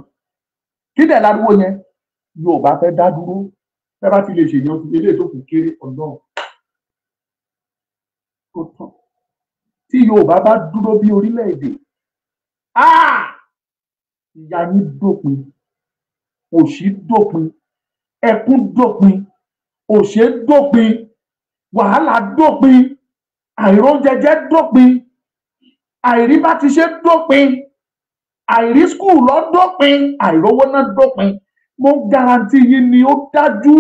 kí dẹ̀ láriwo yẹn yorùbá fẹ́ dá dúró ẹ bá ti lè ṣèyàn eléyìí tó kù kéré ọlọ́run tó tán tí yorùbá bá dúró bí orílẹ̀-èdè ìyá yín dópin òṣì dópin ẹkún dópin òṣè dópin wàhálà dópin àìróúnjẹjẹ dópin àìrí bá ti ṣe dópin àìrí skul lọ dópin àìrówó náà dópin mo garanti yín ni ó dájú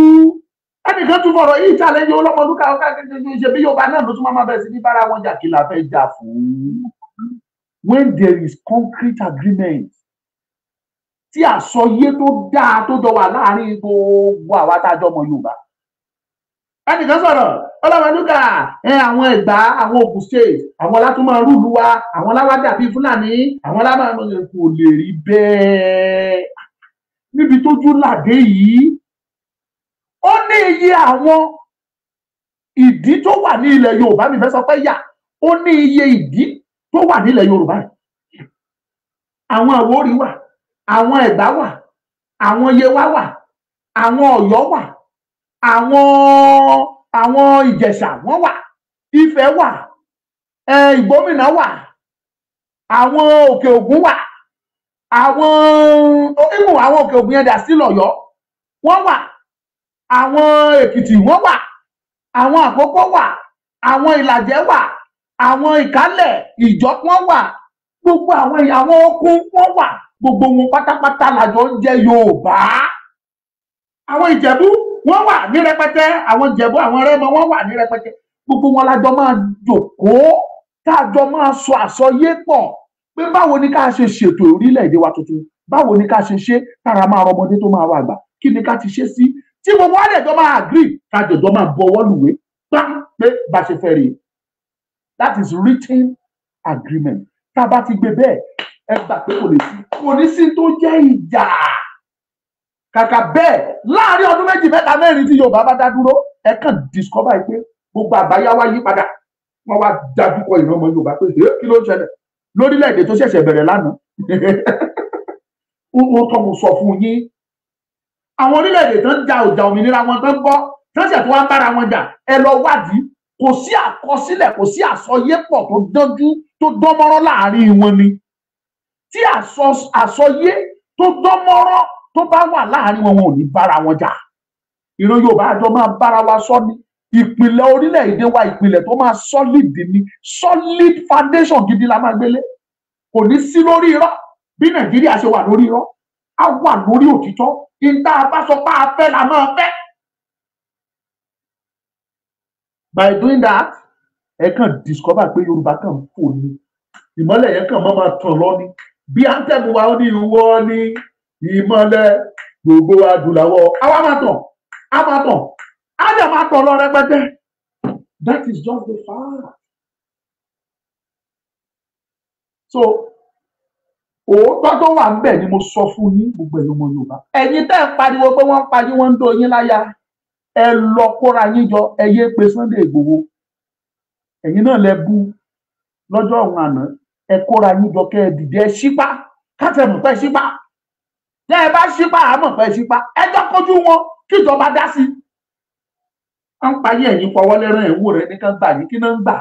ẹnìkan tún fọ̀rọ̀ yìí challenge ọlọ́mọ ọdún káwọn káàkiri ṣe bí Yorùbá náà ló tún máa bẹ̀rẹ̀ sí ní bára wọn jà kí la fẹ́ jà fún when there is concrete agreement tí àsọyé tó dáa tó jọ wà láàárín gbogbo àwa tá a jọ mọ Yorùbá ẹnìkan sọ̀rọ̀ ọlọ́mọdúnkà ẹ àwọn ẹ̀gbá àwọn Ògùn state àwọn látúmọ̀ rúlu wa àwọn láwájà bíi fúlàní àwọn lábàámu kò lè rí bẹ́ẹ̀ níbi tójú làdé yìí ó ní iye àwọn ìdí tó wà ní ilẹ̀ Yorùbá mi fẹ́ sọ pé yà ó ní iye ìdí tó wà nílẹ̀ Yorùbá yìí àwọn Àwórì wà àwọn Ẹ̀gbá wà àwọn Yewa wà àwọn Ọ̀yọ́ wà àwọn àwọn ìjẹ̀ṣà wọ́n wà ifẹ̀ wà ìgbómìnà wà àwọn òkè ògùn wà àwọn ìmù àwọn òkè ògùn yẹn dà sí lọ́yọ́ wọ́n wà àwọn èkìtì wọ́n wà àwọn àkókò wà àwọn ìlàjẹ wà àwọn ìkálẹ̀ ìjọ wọ́n wà gbogbo àwọn àwọn okun wọ́n wà gbogbo wọn pátápátá làjọ ń jẹ Yorùbá àwọn Ìjẹ̀bú wọ́n wà ní rẹpẹtẹ àwọn jẹ̀bú àwọn rẹ́mọ wọ́n wà ní rẹpẹtẹ gbogbo wọn lájọ máa jòkóó káàjọ máa sọ àsọyé pọ̀ pé báwo ni ká ṣe ṣètò orílẹ̀-èdè wa tuntun báwo ni ká ṣe ṣe tára máa rọmọdé tó máa wà àgbà kí ni ká ti ṣe sí tí gbogbo wa dẹ̀jọ́ máa agree kájọ̀jọ́ máa bọwọ́ lùwé gbá pé bá ṣe fẹ́ rí i that is written agreement tá a bá ti gbé bẹ́ẹ̀ ẹ gbà pé kò ní sí kò ní sí tó jẹ́ ìjà kàkà bẹ́ẹ̀ láàrin ọdún méjì mẹ́ta mẹ́rin tí Yorùbá bá dá dúró ẹ kàn discover pé gbogbo àgbáyá wá yí padà wọ́n wá dájú kọ ìran ọmọ Yorùbá pé kí ló ń ṣẹlẹ̀ lórílẹ̀-èdè tó ṣẹ̀ṣẹ̀ bẹ̀rẹ̀ lánàá ó tọ́ mo sọ fún yín àwọn orílẹ̀-èdè tó ń ja òjà òmìnira wọn tó ń bọ́ tó ń ṣẹ̀ tó wá ń bára wọn jà ẹ lọ wádìí kò sí àkọsílẹ̀ kò sí àsọyépọ̀ tó dánjú tó dánmọ́rán láàrin wọn ni tí àsọyé tó dánmọ́rán tó bá wà láàrin wọn wọn ò ní bára wọn jà ìran Yorùbá àjọ máa bára wa sọ ni ìpìlẹ̀ orílẹ̀-èdè wa ìpìlẹ̀ tó máa solid ni solid foundation gidi la máa gbélé kò ní sí lórí irọ́ bí Nàìjíríà ṣe wà lórí irọ́ á wà lórí òtítọ́ ìta abásọpá afẹ́ la máa fẹ́. by doing that ẹ kàn discover pé Yorùbá kàn fò ní ìmọ́lẹ̀ yẹn kàn máa tàn lọ ni bí antẹ́bù wa ó ní ìwọ ni ìmọ́lẹ̀ gbogbo adúláwọ̀ àwa máa tàn lọ rẹpẹtẹ that is just the fact. so òótọ́ tó wà ńbẹ̀ ni mo sọ fún yín gbogbo ẹ̀yọ́ ọmọ Yorùbá ẹ̀yin tẹ́ ẹ̀ pariwo pé wọ́n ń pariwo wọ́n ń dó yín láyà ẹ lọ kóra yín jọ ẹ yé pe Sunday Ìgbòho ẹ̀yin náà lẹ bú lọ́jọ́ ọ̀hún àná ẹ kóra yín jọ kẹ́ ẹ dìde ẹ ṣípá kátẹ́mù pẹ́ ṣípá tẹ́ ẹ bá ṣípa àmọ̀ pẹ́ ṣípa ẹjọ́ kojú wọn kí dá sí. wọ́n ń payé ẹ̀yìn pọ̀wọ́ lẹ́rán ẹ̀wò rẹ̀ nìkan gbà yín kí náà ń gbà.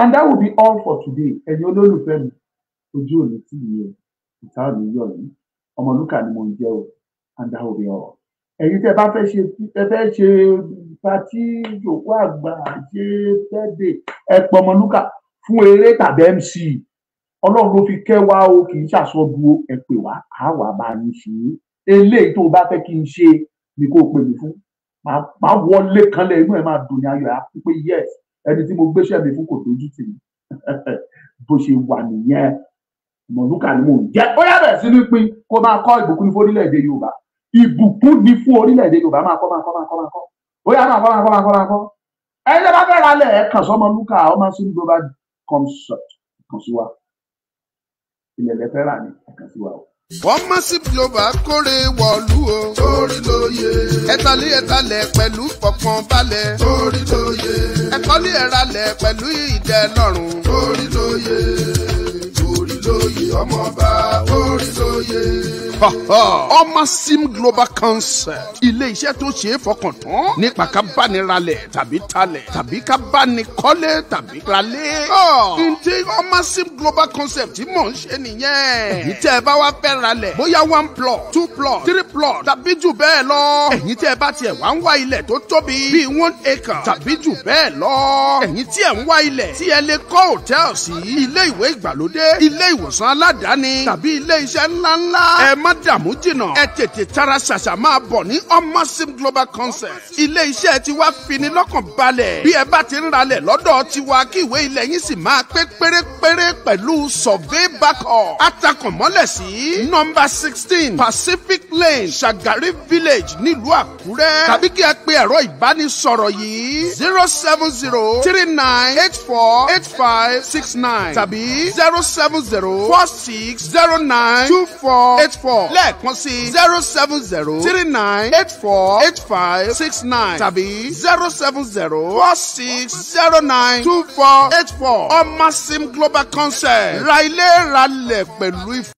and that will be all for today ẹ̀yin olólùfẹ́ mi ojú òní tí ìyẹn ìta òní yọ yìí ọmọlúkà ni mo ń jẹ́ o and that will be all. ẹ̀yin tẹ́ bá fẹ́ ṣe ẹ fẹ́ ṣe pati ìjòkó àgbà ṣe fẹ́ dé ẹ pọ̀ ọmọlúkà fún eré tàbí mc ọlọ́run ló fi kẹ́ wá o kì í ṣàsọdù ẹ pè wá á wà bá a ní ṣe é eléyìí tó o bá fẹ́ kí n ṣe ni kó pè mí fún màá wọlé kanlẹ̀ inú ẹ̀ máa dùn ní ayọ̀ àti pé yes ẹni tí mo gbéṣẹ́ mi fún kò dojú tì mí bó ṣe wà nìyẹn mọ̀lúkà ni mò ń jẹ́ ó yàtọ̀ sí ní pín kó máa kọ́ ìbùkún fún orílẹ̀-èdè Yorùbá ìbùkún ni fún orílẹ̀-èdè Yorùbá máa kọ́ máa kọ́ máa kọ́ máa kọ́ ó yà máa kọ́ máa kọ́ máa kọ́ máa kọ́ ẹni tó bá fẹ́ ra lẹ̀ ẹ̀ kàn sọ́mọlúkà ọmọ sínú global concept kàn sí wa ilẹ̀ lẹ́fẹ́ rà ní ẹ̀kan sí wa o. wọ́n mọ̀ sí global kórè wọ̀lú o. torí ló yẹ. ẹ̀tàlẹ́ ẹ̀tàlẹ̀ pẹ̀lú pọ̀pọ̀n balẹ̀. torí ló yẹ. ẹ̀kọ́lé ẹ̀ralẹ̀ pẹ̀lú ìdẹ́lọ́rùn. torí ló yẹ joyè ọmọọba orí sóyè. ọmọ sim global concept ilé iṣẹ́ tó ṣe é fọkàn tán nípa ká bá ní ralẹ̀ tàbí talẹ̀ tàbí ká bá ní kọ́lé tàbí ralé. ǹjẹ́ ọmọ sim global concept tí mò ń ṣe nìyẹn. èyí tẹ́ ẹ bá wá fẹ́ ralẹ̀ bóyá one plot two plot three plot tàbí jù bẹ́ẹ̀ lọ. ẹ̀yin tẹ́ ẹ bá tiẹ̀ wá ń wá ilẹ̀ tó tóbi bíi one acre tàbí jù bẹ́ẹ̀ lọ. ẹ̀yin tí ẹ̀ ń wá ilẹ̀ tí ẹ lè kọ́ hòtẹ́ẹ̀lì ilé ìwé ìgbàlódé ilé ìwòsàn aládàáni tàbí ilé iṣẹ́ ńláńlá. ẹ má dààmú jìnà ẹ tètè tara ṣàṣà máa bọ̀ ní omosim global concept. ilé iṣẹ́ tiwa fini lọ́kàn balẹ̀ bí ẹ bá ti ń ralẹ̀ lọ́dọ̀ tiwa kí ìwé ilẹ̀ yín sì máa pé pérépéré pẹ̀lú survey backup. atakànmọ́lẹ̀ sí nọ́mbà sixteen pacific lane shagari village nílùú àkúrẹ́ tàbí kí ẹ pe ẹ̀rọ ìbánisọ̀rọ̀ yìí zero seven zero three nine eight four eight five six nine tàbí zero seven zero zero four six zero nine two four eight four lẹ́ẹ̀kan sí zero seven zero three nine eight four eight five six nine tàbí zero seven zero four six zero nine two four eight four ọmọ sim global concept ra ilé ra lẹ̀ pẹ̀lú ìfọ̀.